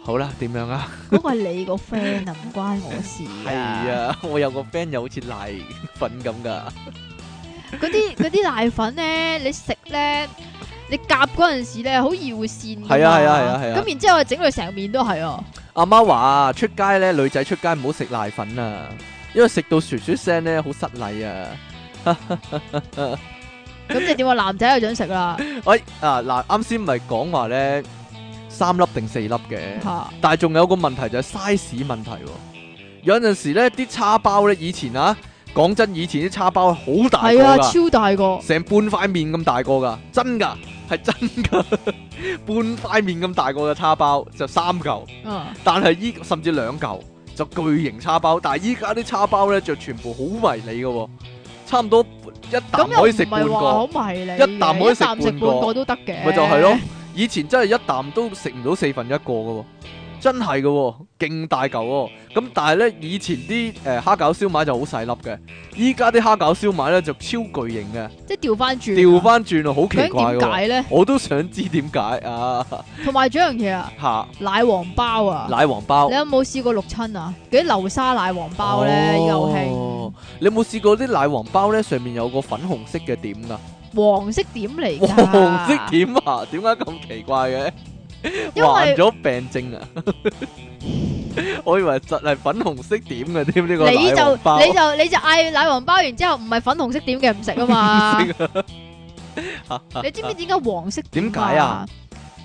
好啦，點樣啊？嗰個係你個 friend 啊，唔關我事。係啊，我有個 friend 又好似瀨粉咁噶。嗰啲嗰啲瀨粉咧，你食咧。你夾嗰陣時咧，好易會線㗎嘛？咁、啊啊啊啊、然之後整佢成面都係啊。阿媽話出街咧，女仔出街唔好食奶粉啊，因為食到薯薯聲咧，好失禮啊。咁你係點話？男仔又想食啦。喂啊嗱，啱先唔係講話咧三粒定四粒嘅，啊、但係仲有個問題就係 size 問題喎。有陣時咧啲叉包咧，以前啊講真，以前啲叉包好大個啊，超大個，成半塊面咁大個㗎，真㗎。係真噶， *laughs* 半塊面咁大個嘅叉包就三嚿，嗯、但係依甚至兩嚿就巨型叉包。但係依家啲叉包咧，就全部好迷你嘅喎，差唔多一啖可以食半個。咁又唔係話好迷你，一啖可以食半，半個都得嘅。咪就係咯，以前真係一啖都食唔到四分一個嘅喎。真係嘅喎，勁大嚿哦！咁、哦、但係咧，以前啲誒、呃、蝦餃燒賣就好細粒嘅，依家啲蝦餃燒賣咧就超巨型嘅，即係掉翻轉，掉翻轉啊！好奇怪喎，點解咧？我都想知點解啊！同埋仲有樣嘢啊， *laughs* 奶黃包啊，奶黃包，你有冇試過六親啊？嗰啲流沙奶黃包咧又興，哦、慶你有冇試過啲奶黃包咧上面有個粉紅色嘅點啊？黃色點嚟、啊？黃 *laughs* 色點啊？點解咁奇怪嘅？患咗病症啊！我以為實係粉紅色點嘅添，呢個奶黃包。你就你就你就嗌奶黃包完之後唔係粉紅色點嘅唔食啊嘛！你知唔知點解黃色點啊？點解啊？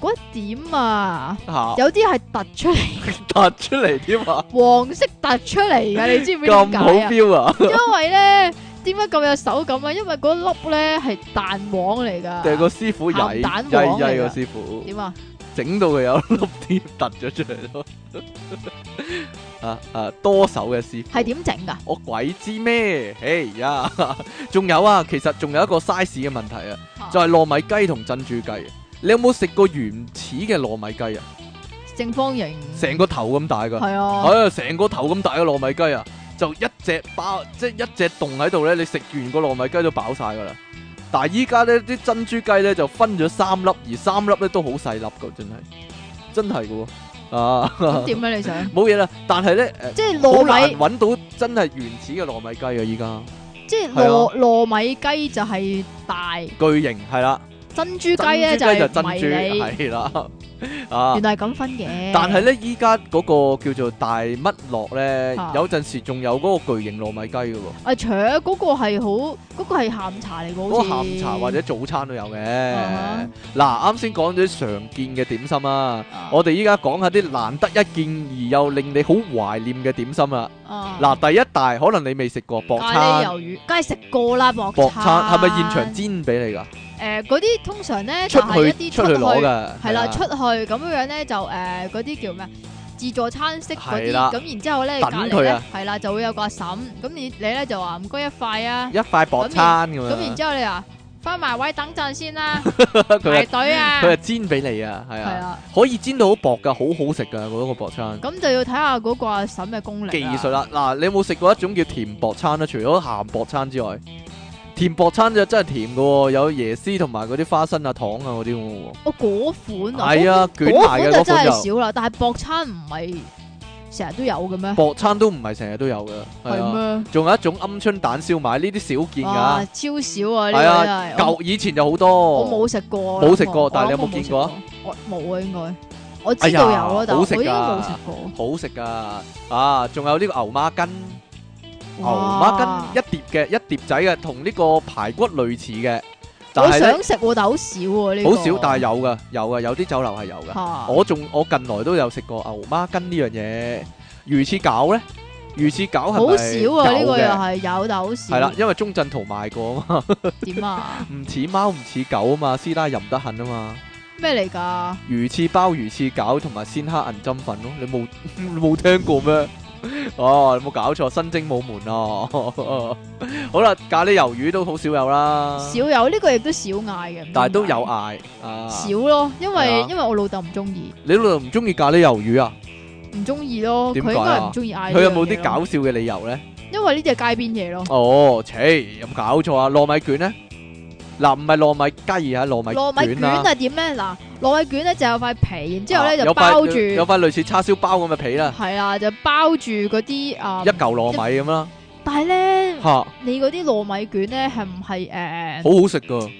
嗰點啊，有啲係突出嚟，突出嚟添啊！黃色突出嚟嘅，你知唔知點解啊？因為咧，點解咁有手感啊？因為嗰粒咧係蛋黃嚟噶，個師傅曳蛋黃嚟噶。點啊？整到佢有粒啲凸咗出嚟咯、 *laughs* 啊，啊啊多手嘅事係點整噶？我鬼知咩？哎呀，仲有啊，其實仲有一個 size 嘅問題啊，啊就係糯米雞同珍珠雞。你有冇食過原始嘅糯米雞啊？正方形，成個頭咁大噶，係啊，係啊、哎，成個頭咁大嘅糯米雞啊，就一隻包，即係一隻洞喺度咧。你食完個糯米雞都飽晒噶啦。但係依家咧啲珍珠雞咧就分咗三粒，而三粒咧都好細粒噶，真係，真係噶喎！啊，點咧、啊、你想？冇嘢啦，但係咧，即係糯米搵到真係原始嘅糯米雞啊！依家即係糯糯米雞就係大巨型係啦。珍珠雞咧就珍珠，係啦啊，原來係咁分嘅。但係咧，依家嗰個叫做大麥樂咧，有陣時仲有嗰個巨型糯米雞噶喎。啊，除嗰個係好，嗰個係下午茶嚟嘅，嗰個下午茶或者早餐都有嘅。嗱，啱先講咗常見嘅點心啊，我哋依家講下啲難得一見而又令你好懷念嘅點心啦。嗱，第一大可能你未食過薄餐。咖喱魷魚，梗係食過啦。薄薄餐係咪現場煎俾你㗎？誒，嗰啲通常咧就係一啲出去，係啦，出去咁樣樣咧就誒，嗰啲叫咩？自助餐式嗰啲，咁然之後咧隔籬咧係啦，就會有個阿嬸，咁你你咧就話唔該一塊啊，一塊薄餐咁樣，咁然之後你啊翻埋位等陣先啦，排隊啊，佢係煎俾你啊，係啊，可以煎到好薄噶，好好食噶嗰個薄餐。咁就要睇下嗰個阿嬸嘅功力。技術啦，嗱，你有冇食過一種叫甜薄餐咧？除咗鹹薄餐之外。甜薄餐就真係甜嘅，有椰絲同埋嗰啲花生啊、糖啊嗰啲咁。哦，果款啊，係啊，果款就真係少啦。但係薄餐唔係成日都有嘅咩？薄餐都唔係成日都有嘅。係咩？仲有一種鵪鶉蛋燒賣，呢啲少見噶。哇，超少啊！係啊，舊以前就好多。我冇食過，冇食過，但係你有冇見過啊？我冇啊，應該我知道有咯，但係我已經冇食過。好食噶，啊，仲有呢個牛孖筋。牛孖筋一碟嘅一碟仔嘅，同呢個排骨類似嘅，我想食喎，但好少，但係有嘅有嘅，有啲酒樓係有嘅。我仲我近來都有食過牛孖筋呢樣嘢，魚翅餃咧，魚翅餃係好少啊，呢個又係有，但係好少。係啦，因為鍾鎮濤賣過啊嘛。點啊？唔似貓唔似狗啊嘛，師奶任得很啊嘛。咩嚟噶？魚翅包、魚翅餃同埋鮮蝦銀針粉咯，你冇冇聽過咩？哦，有冇搞錯？新精武門哦、啊！ *laughs* 好啦，咖喱魷魚都好少有啦，少有呢、呢個亦都少嗌嘅，但係都有嗌，啊、少咯，因為、啊、因為我老豆唔中意，你老豆唔中意咖喱魷魚啊？唔中意咯，佢應該唔中意嗌，佢有冇啲搞笑嘅理由咧？因為呢只係街邊嘢咯。哦，切，有冇搞錯啊？糯米卷咧？嗱，唔係糯米雞，而係糯米卷。糯米卷係點咩？嗱，糯米卷咧就有塊皮，然之後咧就包住，有塊類似叉燒包咁嘅皮啦。係啊，就包住嗰啲啊一嚿糯米咁啦。但係咧，嚇你嗰啲糯米卷咧係唔係誒？好好食噶，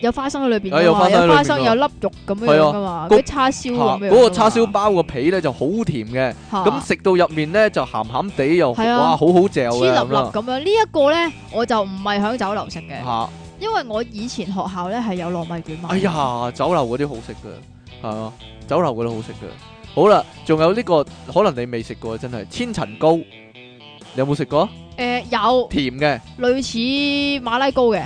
有花生喺裏邊有花生，有粒肉咁樣噶嘛，嗰啲叉燒咁樣。嗰個叉燒包個皮咧就好甜嘅，咁食到入面咧就鹹鹹地，又哇好好嚼啊，黐粒粒啦。咁樣呢一個咧，我就唔係喺酒樓食嘅。因為我以前學校咧係有糯米卷賣。哎呀，酒樓嗰啲好食嘅，係啊，酒樓嗰啲好食嘅。好啦，仲有呢、這個可能你未食過，真係千層糕。你有冇食過？誒、欸，有。甜嘅的，類似馬拉糕嘅。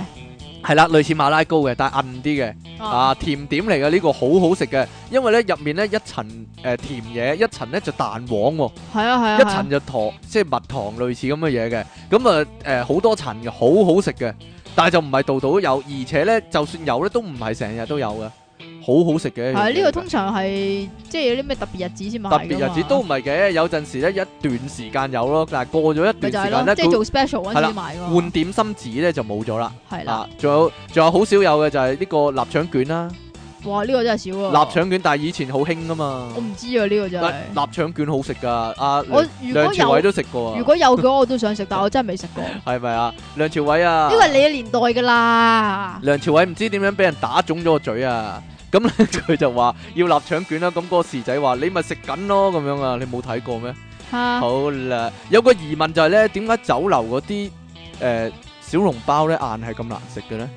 係啦，類似馬拉糕嘅，但係韌啲嘅。啊，啊，甜點嚟嘅呢個好好食嘅，因為咧入面咧一層誒甜嘢，一層咧就蛋黃、哦。係啊，係啊。啊啊啊一層就糖，即係蜜糖類似咁嘅嘢嘅，咁啊誒好多層嘅，好好食嘅。但係就唔係度度都有，而且咧就算有咧都唔係成日都有嘅，好好食嘅。係呢個通常係，即係有啲咩特別日子先買。特別日子都唔係嘅，有陣時咧一段時間有咯，但係過咗一段時間咧即係做 special，係啦。換點心紙咧就冇咗啦，係啦的，仲有、啊、仲有好少有嘅就係呢個臘腸卷啦。哇！呢個真係少啊！臘腸卷，但係以前好興噶嘛。我唔知啊，呢個就係臘腸卷好食噶。阿我梁朝偉都食過，如果有嘅話，我都想食，但係我真係未食過。係咪啊？梁朝偉啊，呢個係你嘅年代噶啦。梁朝偉唔知點樣俾人打腫咗個嘴啊！咁佢就話要臘腸卷啦。咁嗰個侍仔話：你咪食緊咯咁樣啊！你冇睇過咩？好啦，有個疑問就係咧，點解酒樓嗰啲誒小籠包咧硬係咁難食嘅咧？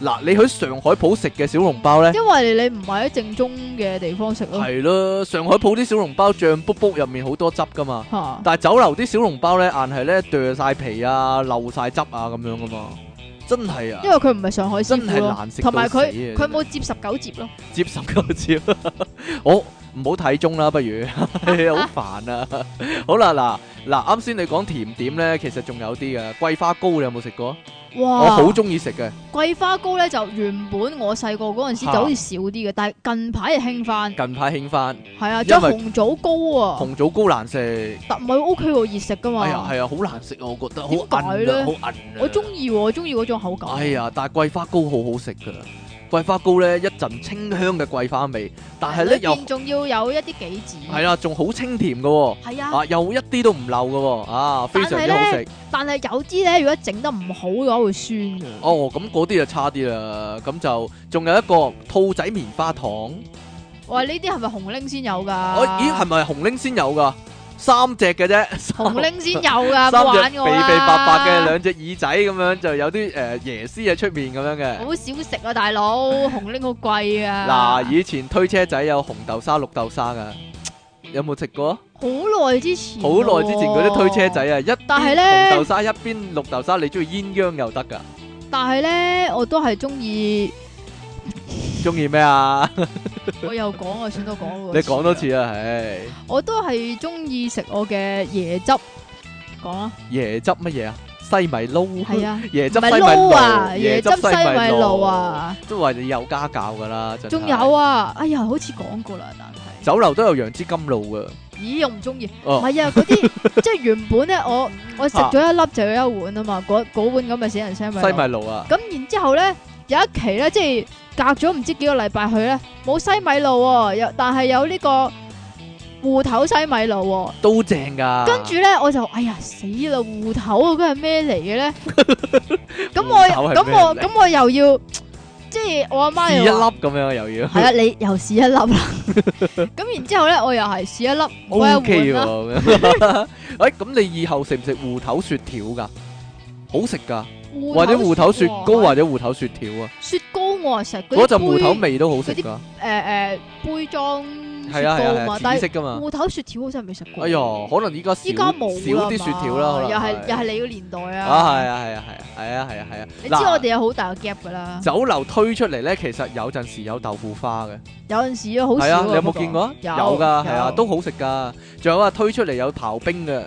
嗱，你喺上海浦食嘅小籠包咧，因為你唔喺正宗嘅地方食咯，係咯，上海浦啲小籠包醬卜卜入面好多汁噶嘛，但係酒樓啲小籠包咧、啊，硬係咧剁晒皮啊，漏晒汁啊咁樣噶嘛，真係啊！因為佢唔係上海師傅，真係難食，同埋佢佢冇接十九摺咯，接十九摺，我。的 *laughs* 唔好睇鐘啦，不如好煩 *laughs* 啊！啊 *laughs* 好啦，嗱嗱，啱先你講甜點咧，其實仲有啲嘅，桂花糕你有冇食過？哇！我好中意食嘅桂花糕咧，就原本我細個嗰陣時就好似少啲嘅，但係近排係興翻。近排興翻，係啊，仲、啊、有紅棗糕啊！紅棗糕，啊紅棗糕難食，但係 O K 喎，熱食噶嘛。係、哎、啊，係啊，好難食啊，我覺得。點解咧？呢好、啊、我中意喎，我中意嗰種口感。哎啊，但係桂花糕好好食㗎。桂花糕咧，一陣清香嘅桂花味，但係咧又，仲要有一啲杞子，係啊，仲好清甜嘅喎，係啊，啊又一啲都唔漏嘅喎，啊非常之好食。但係有啲咧，如果整得唔好嘅話，會酸嘅。哦，咁嗰啲就差啲啦。咁就仲有一個兔仔棉花糖。喂，呢啲係咪紅鈴先有㗎？咦，係咪紅鈴先有㗎？三隻嘅啫，紅鈴先有噶，三隻玩隻肥肥白白嘅，兩隻耳仔咁樣，就有啲誒、呃、椰絲喺出面咁樣嘅。好少食啊，大佬， *laughs* 紅鈴好貴啊。嗱，以前推車仔有紅豆沙、綠豆沙噶，有冇食過？好耐之前。好耐之前嗰啲推車仔啊，一但係咧紅豆沙，一邊豆沙一邊綠豆沙，你中意鴛鴦又得噶。但係咧，我都係中意。中意咩啊？我又講啊，算都講啦。你講多次啦，係，我都係中意食我嘅椰汁，講啦。椰汁乜嘢啊？西米露係啊，椰汁西米露啊，椰汁西米露啊，都話你有家教噶啦，仲有啊？哎呀，好似講過啦，但係酒樓都有楊枝甘露噶。咦？我唔中意，係啊，嗰啲即係原本咧，我我食咗一粒就有一碗啊嘛，嗰嗰碗咁咪死人西米。西米露啊？咁然之後咧有一期咧，即係。隔咗唔知幾個禮拜去咧，冇西米露，有但係有呢個芋頭西米露，都正噶。跟住咧，我就哎呀死啦！芋頭佢係咩嚟嘅咧？咁我咁我咁我又要，即係我阿媽又一粒咁樣又要係啊！你又試一粒啦。咁然之後咧，我又係試一粒，我又換啦。哎，咁你以後食唔食芋頭雪條噶？好食噶！或者芋頭雪糕或者芋頭雪條啊，雪糕我係食嗰陣芋頭味都好食噶，誒誒杯裝係啊係啊，芋頭雪條好似係未食過。哎喲，可能依家依家冇少啲雪條啦，又係又係你個年代啊，啊係啊係啊係啊係啊係啊，你知我哋有好大個 gap 噶啦。酒樓推出嚟咧，其實有陣時有豆腐花嘅，有陣時好係啊，你有冇見過？有噶係啊，都好食噶，仲有啊推出嚟有刨冰嘅。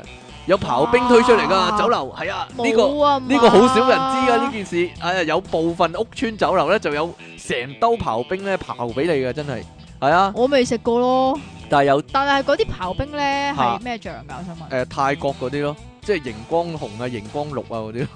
有刨冰推出嚟噶，酒樓係啊，呢個呢個好少人知噶，呢件事，哎呀，有部分屋村酒樓咧就有成兜刨冰咧刨俾你嘅，真係係啊。我未食過咯，但係有，但係嗰啲刨冰咧係咩醬噶？我想問。誒，泰國嗰啲咯，即係熒光紅啊、熒光綠啊嗰啲，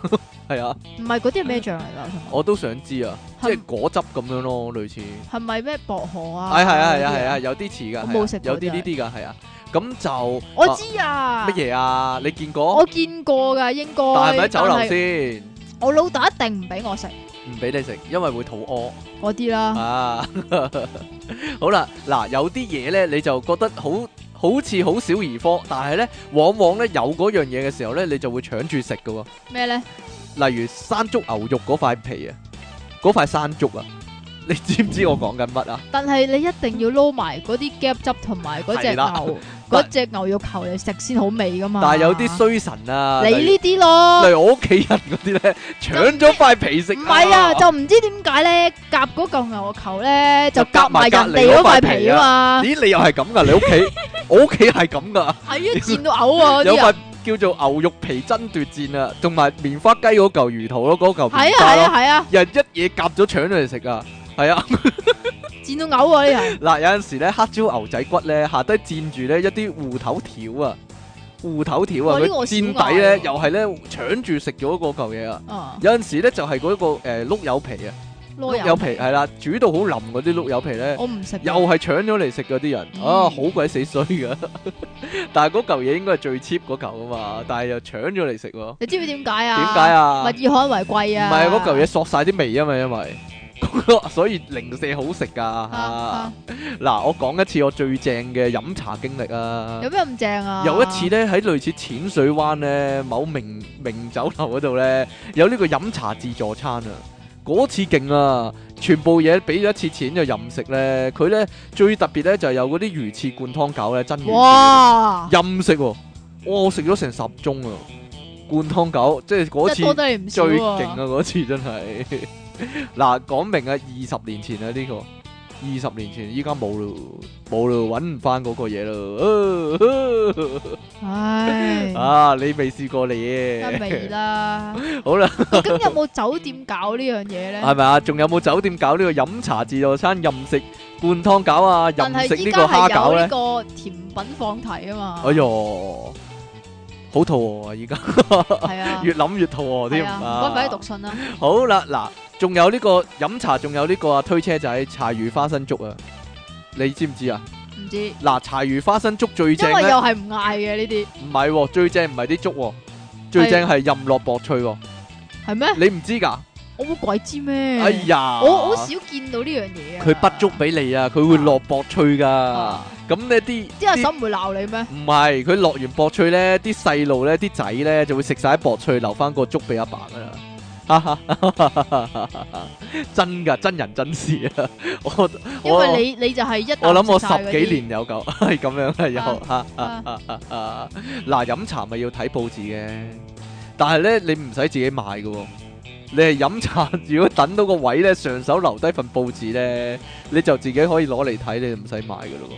係啊。唔係嗰啲係咩醬嚟噶？我都想知啊，即係果汁咁樣咯，類似，係咪咩薄荷啊？誒係啊係啊係啊，有啲似噶，有啲呢啲噶係啊。咁就我知啊，乜嘢啊，啊？你見過？我見過噶，應該。但係咪喺酒樓先，我老豆一定唔俾我食，唔俾你食，因為會肚屙嗰啲啦。啊， *laughs* 好啦，嗱，有啲嘢咧，你就覺得好好似好小兒科，但係咧，往往咧有嗰樣嘢嘅時候咧，你就會搶住食噶喎。咩咧？例如山竹牛肉嗰塊皮啊，嗰塊山竹啊。你知唔知我講緊乜啊？但係你一定要撈埋嗰啲夾汁同埋嗰隻牛嗰隻牛肉球嚟食先好味噶嘛？但係有啲衰神啊，你呢啲咯，例如我屋企人嗰啲咧搶咗塊皮食，唔係啊，就唔知點解咧夾嗰嚿牛球咧就夾埋人哋嗰塊皮啊嘛？咦，你又係咁噶？你屋企我屋企係咁噶，係啊，見到嘔啊！有塊叫做牛肉皮爭奪戰啊，同埋棉花雞嗰嚿魚肚咯，嗰嚿係啊係啊係啊，人一嘢夾咗搶咗嚟食啊！係啊，占到嘔啊！呢人嗱有陣時咧，黑椒牛仔骨咧下低占住咧一啲芋頭條啊芋頭條啊，佢占底咧又係咧搶住食咗嗰嚿嘢啊，有陣時咧就係嗰個誒碌柚皮啊，碌柚皮係啦，煮到好淋嗰啲碌柚皮咧我唔食又係搶咗嚟食嗰啲人啊好鬼死衰噶，但係嗰嚿嘢應該係最 cheap 嗰嚿啊嘛，但係又搶咗嚟食喎，你知唔知點解啊？點解啊？物以罕為貴啊，唔係嗰嚿嘢索晒啲味啊嘛，因為。 *laughs* 所以零舍好食噶，嗱、啊啊、 *laughs* 我講一次我最正嘅飲茶經歷啊！有咩咁正啊？有一次咧喺類似淺水灣咧某名名酒樓嗰度咧有呢個飲茶自助餐啊！嗰次勁啊，全部嘢俾咗一次錢就任食咧。佢咧最特別咧就係、是、有嗰啲魚翅灌湯餃咧真嘅任哇食喎、啊！我食咗成十盅啊！灌湯餃即係嗰次最勁啊！嗰次真係。哇 *laughs* 嗱，講明啊，二十年前啊呢個，二十年前依家冇咯，冇咯，搵唔翻嗰個嘢咯。唉，啊，你未試過嚟？未啦。好啦，咁有冇酒店搞呢樣嘢咧？係咪啊？仲有冇酒店搞呢個飲茶自助餐任食灌湯餃啊？任食呢個蝦餃咧？但係依家係有呢個甜品放題啊嘛。哎呦，好肚餓啊！依家係啊，越諗越肚餓添啊。唔該，快啲讀信啦。好啦，嗱。仲有呢個飲茶，仲有呢個啊推車仔柴魚花生粥啊，你知唔知啊？唔知嗱，柴魚花生粥最正咧，因為又係唔嗌嘅呢啲。唔係，最正唔係啲粥，最正係任落薄脆。係咩？你唔知噶？我會鬼知咩？哎呀！我好少見到呢樣嘢。佢不粥俾你啊！佢會落薄脆噶。咁呢啲，啲阿嬸唔會鬧你咩？唔係，佢落完薄脆咧，啲細路咧，啲仔咧就會食晒啲薄脆，留翻個粥俾阿爸啦。哈哈 *laughs* 真噶，真人真事啊！我因為你 *laughs* 我我你就係一我諗我十幾年有夠係咁樣有啊有嗱，飲茶咪要睇報紙嘅，但係咧你唔使自己買噶，你係飲茶如果等到個位咧上手留低份報紙咧，你就自己可以攞嚟睇，你就唔使買噶咯，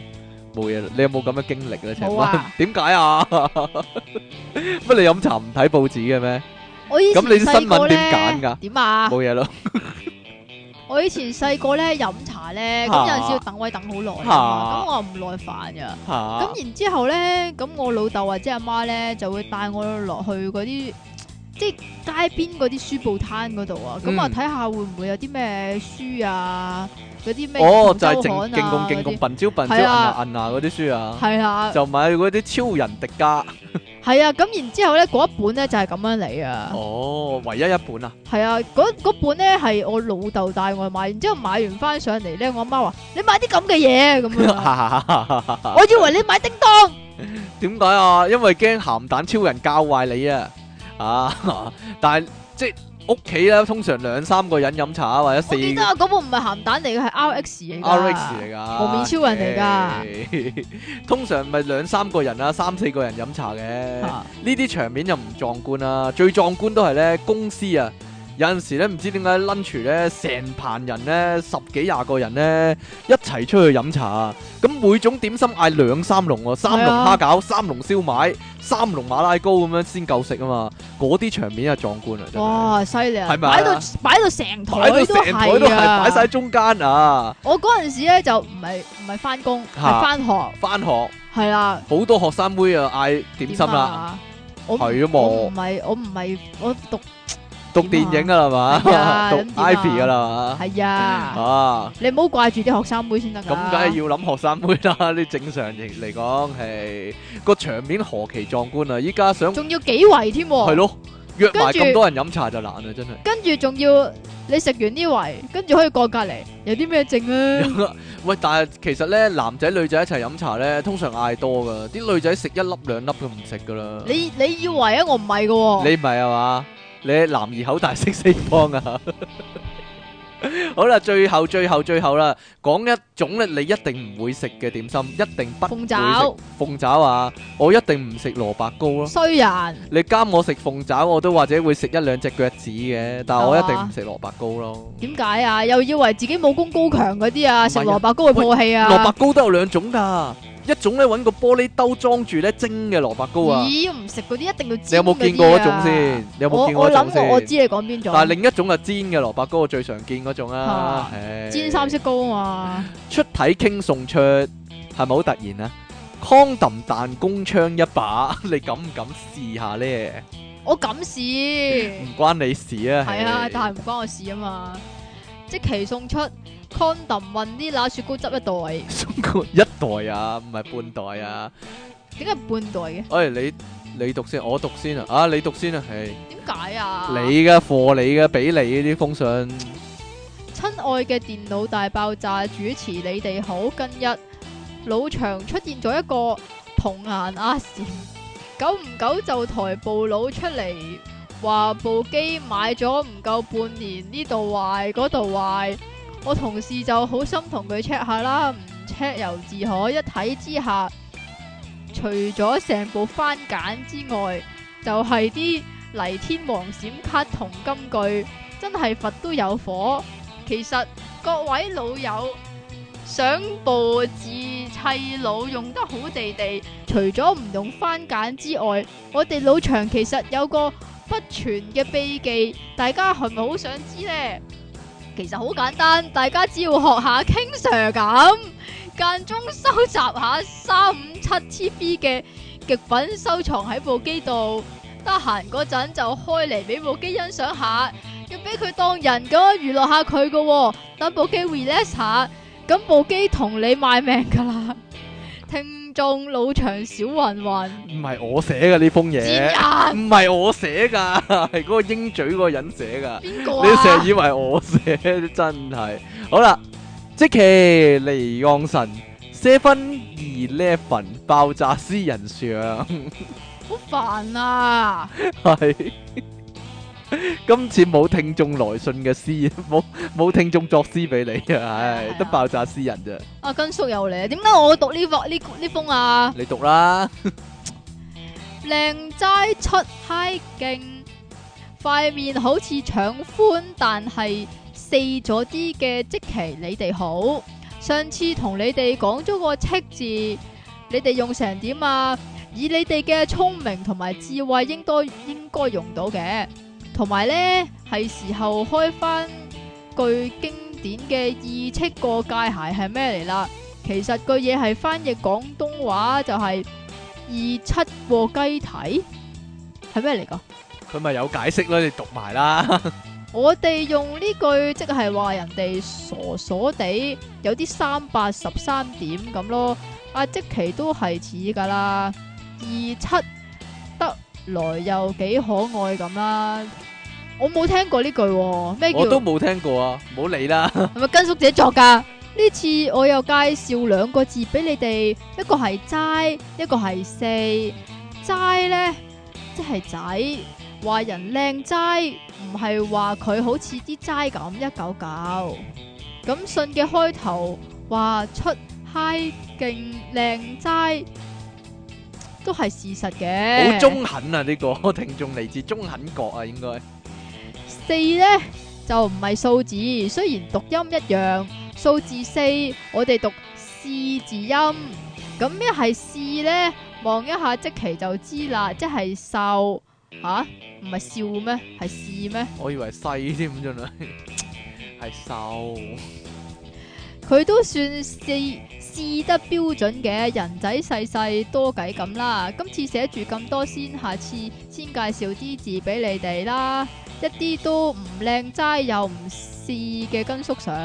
冇嘢。你有冇咁嘅經歷咧？請問點解啊？乜 *laughs* 麼、啊、 *laughs* 你飲茶唔睇報紙嘅咩？我以前咁你啲新聞點揀噶？點啊？冇嘢咯。我以前細個咧飲茶咧，咁有陣時要等位等好耐，咁我又唔耐煩噶。咁然之後咧，咁我老豆或者阿媽咧就會帶我落去嗰啲即係街邊嗰啲書報攤嗰度啊。咁我睇下會唔會有啲咩書啊？嗰啲咩哦，就係淨勁共勁共笨蕉笨蕉啊！嗰啲書啊，係啊，就買嗰啲超人迪迦。係啊，咁然之後咧，嗰一本咧就係、是、咁樣嚟啊！哦，唯一一本啊！係啊，嗰本咧係我老豆帶我買，然之後買完翻上嚟咧，我媽話：你買啲咁嘅嘢咁啊！樣 *laughs* 我以為你買叮當，點解啊？因為驚鹹蛋超人教壞你啊！啊， *laughs* 但係即係。屋企咧，通常兩三個人飲茶或者四，記得啊？嗰部唔係咸蛋嚟嘅，係 R X 嚟噶，R X 嚟噶，無面超人嚟噶。Yeah, yeah. *laughs* 通常唔係兩三個人啊，三四個人飲茶嘅。呢啲 Huh? 場面又唔壯觀啦，最壯觀都係咧公司啊。有陣時咧，唔知點解 lunch 咧，成棚人咧，十幾廿個人咧，一齊出去飲茶，咁每種點心嗌兩三籠喎，三籠蝦餃、三籠燒賣、三籠馬拉糕咁樣先夠食啊嘛，嗰啲場面啊壯觀啊！哇，犀利啊！擺到擺到成台都係啊！擺曬喺中間啊！我嗰陣時咧就唔係唔係翻工，係翻學，翻學係啦，好多學生妹啊嗌點心啦，係啊嘛，我唔係我唔係我讀。讀電影㗎喇嘛，讀 IP 㗎喇嘛，係呀，啊，你唔好掛住啲學生妹先得噶。咁梗係要諗學生妹啦，你正常嚟嚟講係個場面何其壯觀啊！依家想，仲要幾圍添，係咯，約埋咁多人飲茶就難啦，真係。跟住仲要你食完呢圍，跟住可以過隔籬，有啲咩剩啊？喂，但係其實咧，男仔女仔一齊飲茶咧，通常嗌多噶，啲女仔食一粒兩粒，佢唔食噶啦。你你以為啊？我唔係噶，你唔係啊嘛？你男兒口大識四方啊！ *laughs* 好啦，最後最後最後啦，講一種咧，你一定唔會食嘅點心，一定不鳳爪。鳳爪啊，我一定唔食蘿蔔糕咯。雖然人你監我食鳳爪，我都或者會食一兩隻腳趾嘅，但係我一定唔食蘿蔔糕咯。點解啊，啊？又以為自己武功高強嗰啲啊，食蘿蔔糕會破氣啊？蘿蔔糕都有兩種噶。一種咧，揾個玻璃兜裝住咧，蒸嘅蘿蔔糕啊！咦，唔食嗰啲一定要知、啊、你有冇見過嗰種先、啊？你有冇見過嗰種，我諗我知你講邊種、啊。但係另一種啊，煎嘅蘿蔔糕我最常見嗰種啊！嗎 Hey 煎三色糕啊！嘛，出體傾送出係咪好突然啊？Condom 彈弓槍一把，你敢唔敢試下咧？我敢試。唔 *laughs* 關你事啊！係、hey、啊，但係唔關我事啊嘛！即期送出。Condom 運啲拿雪糕汁一袋， *laughs* 一袋啊，唔係半袋啊？點解半袋嘅、啊？誒、欸，你你讀先，我讀先啊！啊，你讀先啊，係點解啊？你嘅貨，你嘅俾你啲封信。親愛嘅電腦大爆炸主持，你哋好，今日老場出現咗一個童顏阿 Sir 久唔久就台暴佬出嚟話部機買咗唔夠半年，呢度壞，嗰度壞。我同事就好心同佢 check 下啦，唔 check 由自可，一睇之下，除咗成部番梘之外，就係啲嚟天王閃卡同金句，真係佛都有火。其實各位老友想部自砌腦用得好地地，除咗唔用番梘之外，我哋腦場其實有個不傳嘅秘技，大家係咪好想知呢？其實好簡單，大家只要學下 King Sir 咁，間中收集下三五七 TB 嘅極品收藏喺部機度，得閒嗰陣就開嚟俾部機欣賞下，要俾佢當人咁娛樂下佢嘅、哦，等部機 relax 下，咁部機同你賣命噶啦，聽。仲路長小混混，唔係我寫嘅呢封嘢，唔係人我寫噶，係嗰個鷹嘴嗰個人寫噶。啊、你成日以為我寫，真係好啦。積淇離岸神，seven eleven 爆炸私人相， *laughs* 好煩啊！係。 *laughs* *laughs* 今次冇聽眾來信嘅詩，冇冇聽眾作詩俾你啊！唉，得爆炸詩人咋？阿根叔又嚟，點解我讀呢幅呢呢封啊？你讀啦！靚仔出嗨徑，塊面好似長寬，但係細咗啲嘅。即其你哋好，上次同你哋講咗個戚字，你哋用成點啊？以你哋嘅聰明同埋智慧應該，應多應該用到嘅。同埋咧，係時候開翻句經典嘅二七過界鞋係咩嚟啦？其實句嘢係翻譯廣東話就係、是、二七過雞體，係咩嚟噶？佢咪有解釋啦，你讀埋啦 *laughs* 我。我哋用呢句即係話人哋傻傻地，有啲三八十三點咁咯。啊，積淇都係似噶啦，二七得來又幾可愛咁啦。我冇聽過呢句，咩叫？我都冇聽過啊，唔好理啦。係咪跟叔自己作㗎？呢次我又介紹兩個字俾你哋，一個係齋，一個係四。齋咧即係仔，話人靚齋，唔係話佢好似啲齋咁一嚿嚿。咁信嘅開頭話出 high 勁靚齋，都係事實嘅。好中肯啊！呢個聽眾嚟自中肯國啊，應該。四呢，就唔係數字，雖然讀音一樣，數字四我哋讀士字音。咁一係士呢，望一下即期就知啦，即係瘦吓，唔、啊、係笑咩？係士咩？我以為細添咁樣，係 *laughs* 瘦。佢都算四四得標準嘅人仔細細，細細多計咁啦。今次寫住咁多先，下次先介紹啲字俾你哋啦。一啲都唔靚齋，又唔試嘅跟縮相，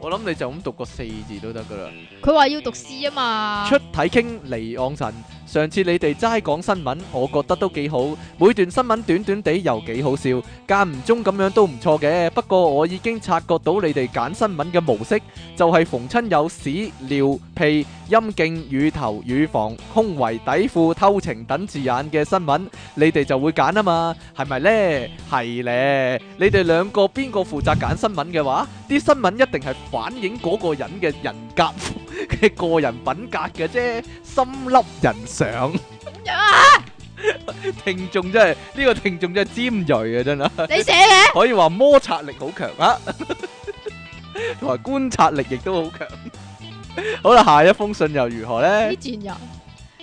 我諗你就咁讀個四字都得㗎喇。佢話要讀詩啊嘛。出體 King 離岸神。上次你哋齋講新聞，我覺得都幾好，每段新聞短短地又幾好笑，間唔中咁樣都唔錯嘅。不過我已經察覺到你哋揀新聞嘅模式，就係逢親有屎尿屁、陰莖、乳頭、乳房、胸圍、底褲、偷情等字眼嘅新聞，你哋就會揀啊嘛，係咪呢？係咧，你哋兩個邊個負責揀新聞嘅話，啲新聞一定係反映嗰個人嘅人格。 *laughs* 佢個人品格嘅啫，心粒人上， *laughs* 聽眾真係呢、這個聽眾真係尖銳啊，真係！你寫嘅可以話摩擦力好強啊，同 *laughs* 埋觀察力亦都 *laughs* 好強。好啦，下一封信又如何咧？戰人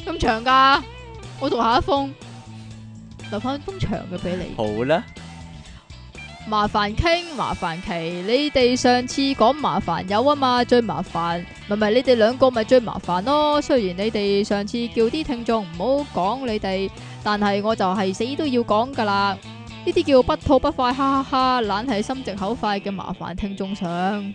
咁長噶，我讀下一封，留翻封長嘅俾你。好啦。麻煩傾，麻煩奇，你哋上次講麻煩有啊嘛？最麻煩，咪咪你哋兩個咪最麻煩咯。雖然你哋上次叫啲聽眾唔好講你哋，但係我就係死都要講噶啦。呢啲叫不吐不快，哈哈哈，懶係心直口快嘅麻煩聽眾上。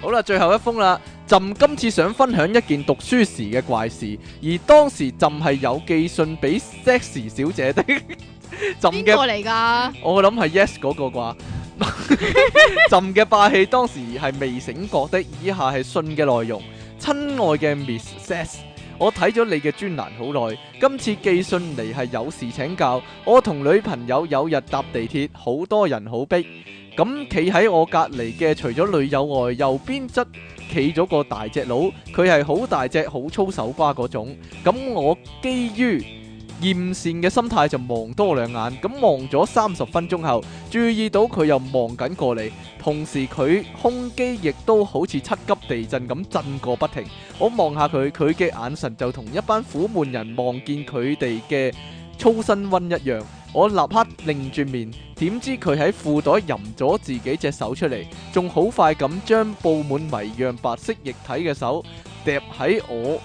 好啦，最後一封啦，朕今次想分享一件讀書時嘅怪事，而當時朕係有寄信俾 sexy 小姐的。朕嘅，我諗係 Yes 嗰個啩。朕嘅霸氣當時係未醒覺的。以下係信嘅內容：親愛嘅 Missess，我睇咗你嘅專欄好耐，今次寄信嚟係有事請教。我同女朋友有日搭地鐵，好多人好逼，咁企喺我隔籬嘅除咗女友外，右邊側企咗個大隻佬，佢係好大隻好粗手瓜嗰種。咁我基於。厭善嘅心態就望多兩眼，咁望咗三十分鐘後，注意到佢又望緊過嚟，同時佢胸肌亦都好似七級地震咁震個不停。我望下佢，佢嘅眼神就同一班苦悶人望見佢哋嘅粗身温一樣。我立刻擰轉面，點知佢喺褲袋吟咗自己隻手出嚟，仲好快咁將布滿泥樣白色液體嘅手疊喺我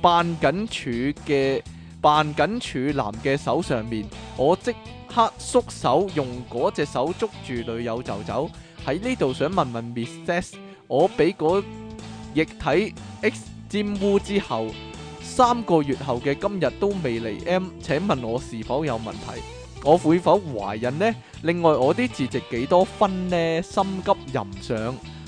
扮緊處嘅。扮緊處男嘅手上面，我即刻縮手，用嗰隻手捉住女友就走喺呢度。想問問 Missess，我俾嗰液體 X 沾污之後，三個月後嘅今日都未嚟 M，請問我是否有問題？我會否懷孕呢？另外我啲字值幾多分呢？心急淫上。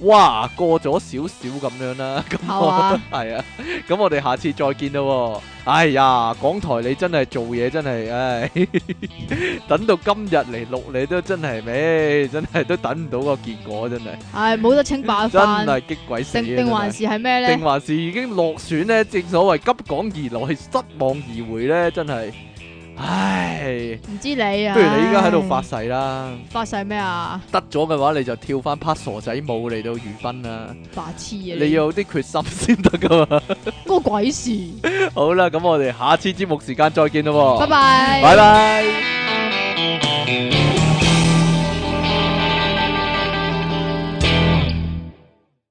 哇，過咗少少咁樣啦，咁我係啊，咁我哋下次再見啦喎！哎呀，港台你真係做嘢真係，唉，等到今日嚟錄你都真係咩？真係都等唔到個結果真係。係冇得清白喇。真係激鬼死啊！定定還是係咩呢？定還是已經落選呢？正所謂急港而來，失望而回呢，真係。唉，唔知你啊，不如你依家喺度發誓啦，發誓咩啊？得咗嘅話，你就跳翻 part 傻仔舞嚟到娛賓啦，白痴啊！你要有啲決心先得噶嘛，嗰個鬼事。 *laughs* 好啦，咁我哋下次節目時間再見咯，拜拜，拜拜。拜拜。